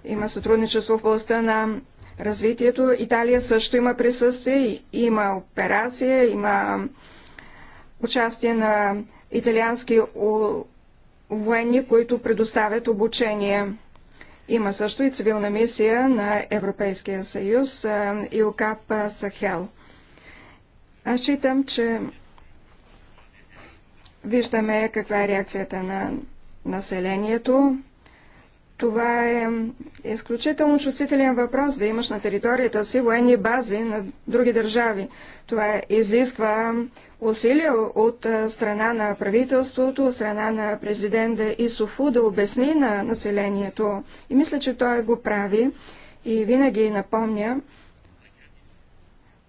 има сътрудничество в областта на развитието. Италия също има присъствие, има операция, има участие на италиански военни, които предоставят обучение. Има също и цивилна мисия на Европейския съюз и ОКАП Сахел. Аз считам, че Виждаме каква е реакцията на населението. Това е изключително чувствителен въпрос да имаш на територията си военни бази на други държави. Това изисква усилия от страна на правителството, от страна на президента Исофу да обясни на населението. И мисля, че той го прави и винаги напомня,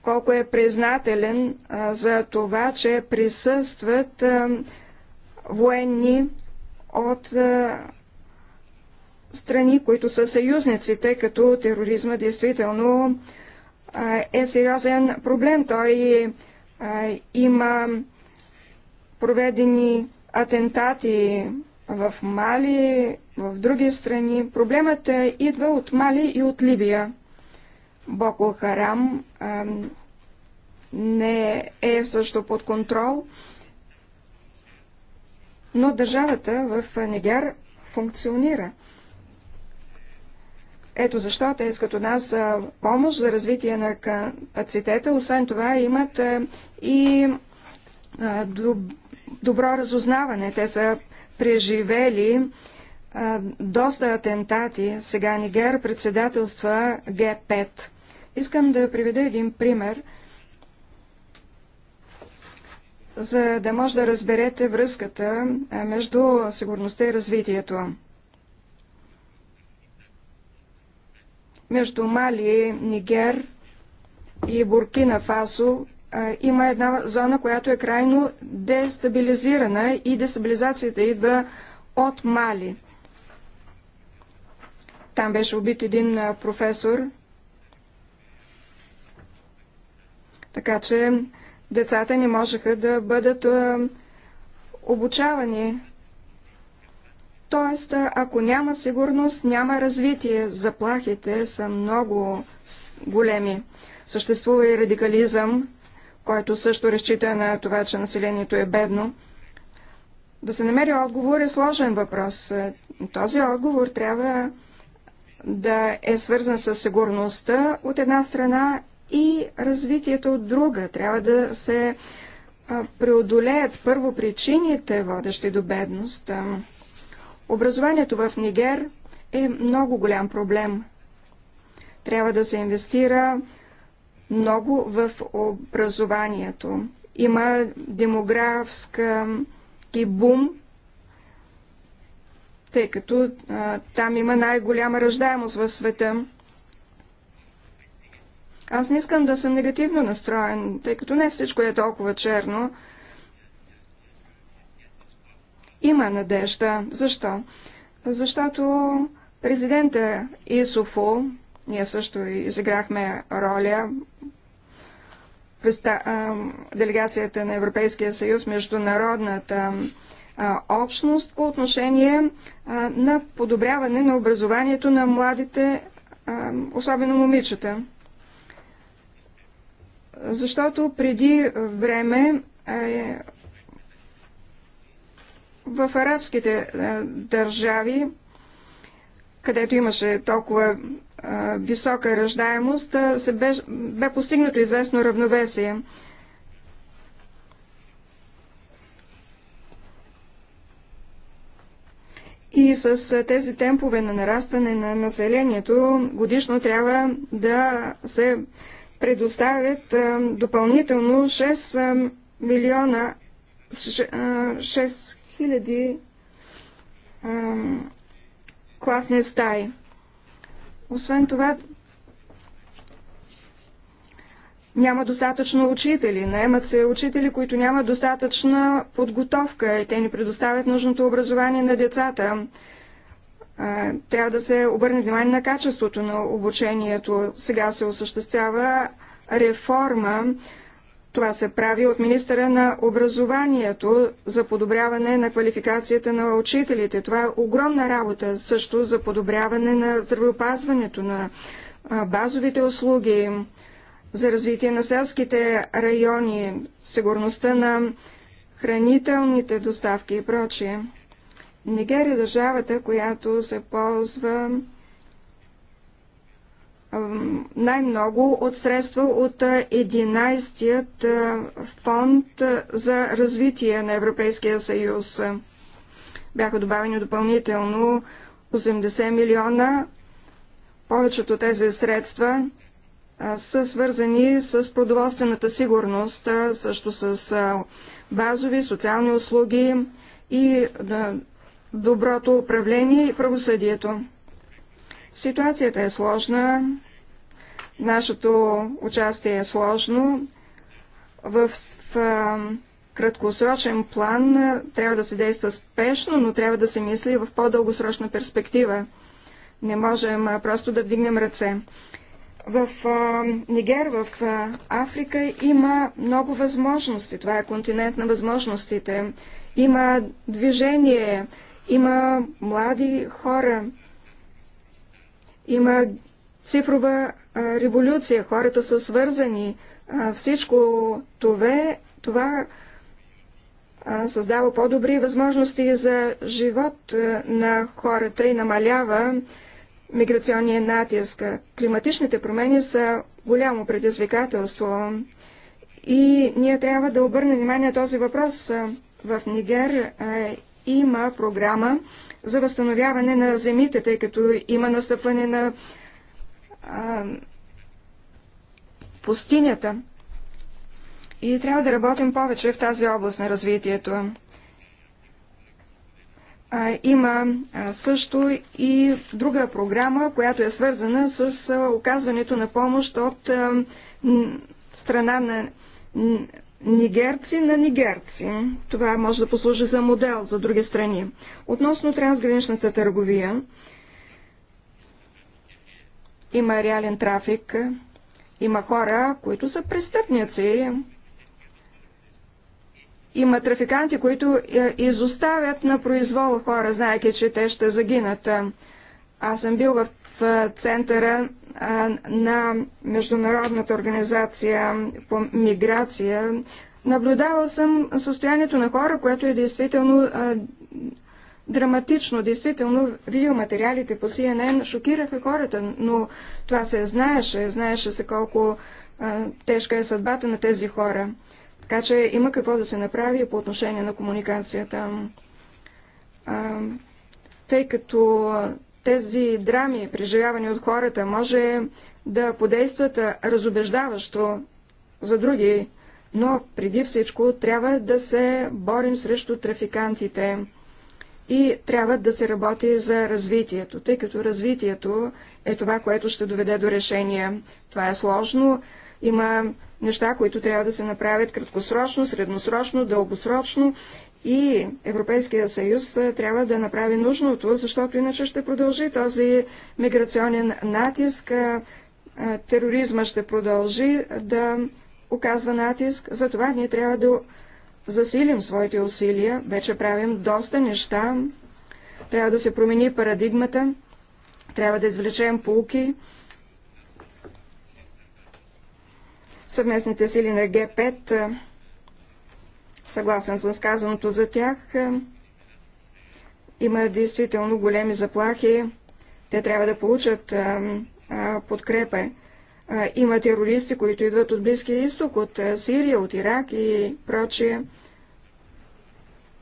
колко е признателен за това, че присъстват военни от страни, които са съюзници, тъй като тероризма действително е сериозен проблем. Той има проведени атентати в Мали, в други страни. Проблемът е, идва от Мали и от Либия. Боко Харам не е също под контрол, но държавата в Нигер функционира. Ето защо те искат от нас помощ за развитие на капацитета. Освен това имат и добро разузнаване. Те са преживели доста атентати. Сега Нигер председателства Г5. Искам да приведа един пример, за да може да разберете връзката между сигурността и развитието. Между Мали, Нигер и Буркина Фасо има една зона, която е крайно дестабилизирана и дестабилизацията идва от Мали. Там беше убит един професор. Така че децата не можеха да бъдат обучавани. Тоест, ако няма сигурност, няма развитие. Заплахите са много големи. Съществува и радикализъм, който също разчита на това, че населението е бедно. Да се намери отговор е сложен въпрос. Е, този отговор трябва да е свързан с сигурността от една страна и развитието от друга. Трябва да се преодолеят първо причините, водещи до бедност. Образованието в Нигер е много голям проблем. Трябва да се инвестира много в образованието. Има демографска и бум тъй като а, там има най-голяма ръждаемост в света. Аз не искам да съм негативно настроен, тъй като не всичко е толкова черно. Има надежда. Защо? Защото президента Исофо, ние също изиграхме роля, делегацията на Европейския съюз, международната общност по отношение на подобряване на образованието на младите, особено момичета. Защото преди време в арабските държави, където имаше толкова висока ръждаемост, се бе, бе постигнато известно равновесие. И с тези темпове на нарастване на населението годишно трябва да се предоставят допълнително 6 милиона 6 хиляди класни стаи. Освен това, няма достатъчно учители, наемат се учители, които нямат достатъчна подготовка и те не предоставят нужното образование на децата. Трябва да се обърне внимание на качеството на обучението. Сега се осъществява реформа. Това се прави от министъра на образованието за подобряване на квалификацията на учителите. Това е огромна работа също за подобряване на здравеопазването, на базовите услуги за развитие на селските райони, сигурността на хранителните доставки и прочие. Нигерия е държавата, която се ползва най-много от средства от 11-тият фонд за развитие на Европейския съюз. Бяха добавени допълнително 80 милиона. Повечето тези средства са свързани с продоволствената сигурност, също с базови социални услуги и доброто управление и правосъдието. Ситуацията е сложна, нашето участие е сложно. В, в краткосрочен план трябва да се действа спешно, но трябва да се мисли в по-дългосрочна перспектива. Не можем просто да вдигнем ръце. В а, Нигер, в а, Африка има много възможности. Това е континент на възможностите. Има движение, има млади хора, има цифрова а, революция, хората са свързани. А, всичко това, това а, създава по-добри възможности за живот а, на хората и намалява а, миграционния натиск. Климатичните промени са голямо предизвикателство и ние трябва да обърнем внимание на този въпрос. В Нигер има програма за възстановяване на земите, тъй като има настъпване на а, пустинята. И трябва да работим повече в тази област на развитието има също и друга програма, която е свързана с оказването на помощ от страна на нигерци на нигерци. Това може да послужи за модел за други страни. Относно трансграничната търговия, има реален трафик, има хора, които са престъпници, има трафиканти, които е, изоставят на произвола хора, знаеки, че те ще загинат. Аз съм бил в центъра на Международната организация по миграция. Наблюдавал съм състоянието на хора, което е действително драматично. Действително, видеоматериалите по CNN шокираха хората, но това се знаеше. Знаеше се колко тежка е съдбата на тези хора. Така че има какво да се направи по отношение на комуникацията. А, тъй като тези драми, преживявани от хората, може да подействат разобеждаващо за други, но преди всичко трябва да се борим срещу трафикантите и трябва да се работи за развитието, тъй като развитието е това, което ще доведе до решение. Това е сложно, има неща, които трябва да се направят краткосрочно, средносрочно, дългосрочно и Европейския съюз трябва да направи нужното, защото иначе ще продължи този миграционен натиск, тероризма ще продължи да оказва натиск. Затова ние трябва да засилим своите усилия. Вече правим доста неща. Трябва да се промени парадигмата. Трябва да извлечем полки съвместните сили на Г5. Е, съгласен съм с казаното за тях. Е, има действително големи заплахи. Те трябва да получат е, подкрепа. Има терористи, които идват от Близкия изток, от Сирия, от Ирак и прочие.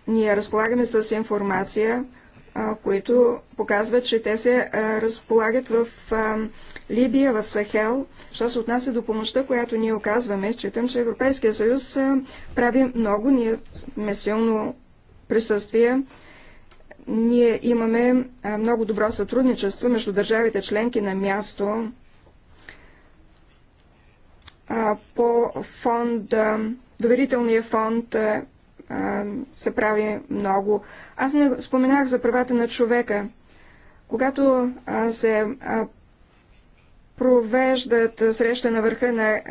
Ние разполагаме с информация, които показват, че те се разполагат в Либия, в Сахел. Що се отнася до помощта, която ние оказваме, считам, че Европейския съюз прави много. Ние сме силно присъствие. Ние имаме много добро сътрудничество между държавите членки на място по фонд, доверителния фонд се прави много. Аз не споменах за правата на човека. Когато се провеждат среща на върха на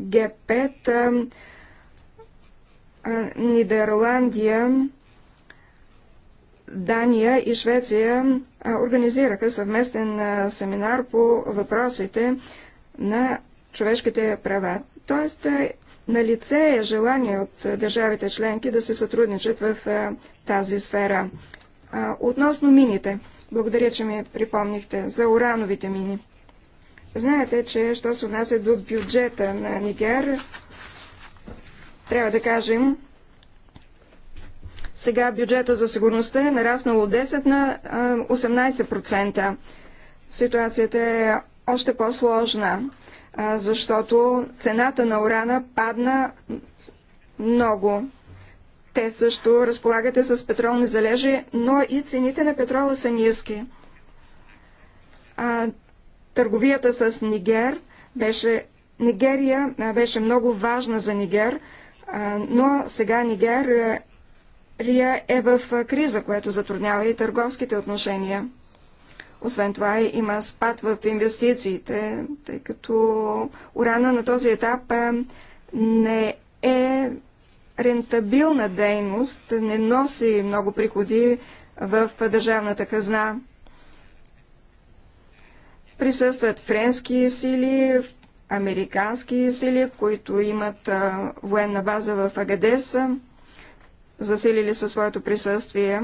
Г5 Нидерландия, Дания и Швеция организираха съвместен семинар по въпросите на човешките права. Тоест, на лице е желание от държавите членки да се сътрудничат в тази сфера. Относно мините, благодаря, че ми припомнихте за урановите мини. Знаете, че що се отнася до бюджета на Нигер, трябва да кажем, сега бюджета за сигурността е нараснал от 10 на 18%. Ситуацията е още по-сложна, защото цената на урана падна много. Те също разполагате с петролни залежи, но и цените на петрола са ниски. Търговията с Нигер беше... Нигерия беше много важна за Нигер, но сега Нигерия е в криза, което затруднява и търговските отношения. Освен това има спад в инвестициите, тъй като урана на този етап не е рентабилна дейност, не носи много приходи в държавната хазна присъстват френски сили, американски сили, които имат а, военна база в Агадеса, заселили със своето присъствие.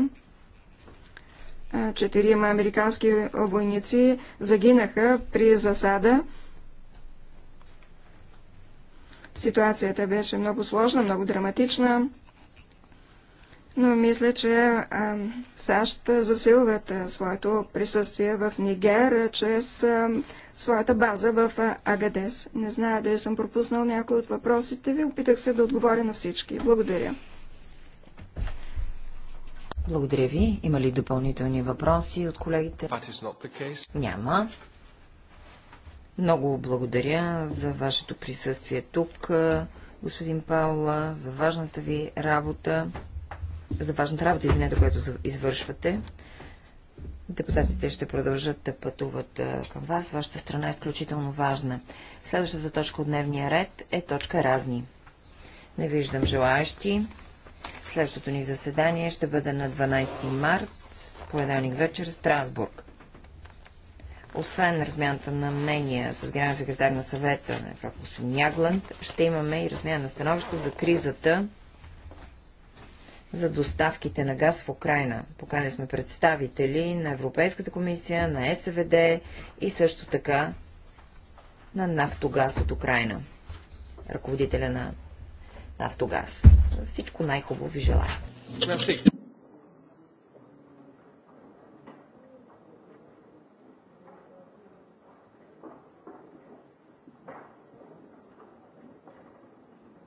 Четирима американски войници загинаха при засада. Ситуацията беше много сложна, много драматична но мисля, че САЩ засилват своето присъствие в Нигер чрез своята база в Агадес. Не зная дали съм пропуснал някой от въпросите ви. Опитах се да отговоря на всички. Благодаря. Благодаря ви. Има ли допълнителни въпроси от колегите? Няма. Много благодаря за вашето присъствие тук, господин Паула, за важната ви работа за важната работа, извинете, която извършвате. Депутатите ще продължат да пътуват към вас. Вашата страна е изключително важна. Следващата точка от дневния ред е точка разни. Не виждам желаящи. Следващото ни заседание ще бъде на 12 март, поеданник вечер, Страсбург. Освен размяната на мнения с генерален секретар на съвета на Европа господин Ягланд, ще имаме и размяна на становища за кризата за доставките на газ в Украина. Покани сме представители на Европейската комисия, на СВД и също така на нафтогаз от Украина. Ръководителя на нафтогаз. Всичко най-хубаво ви желая.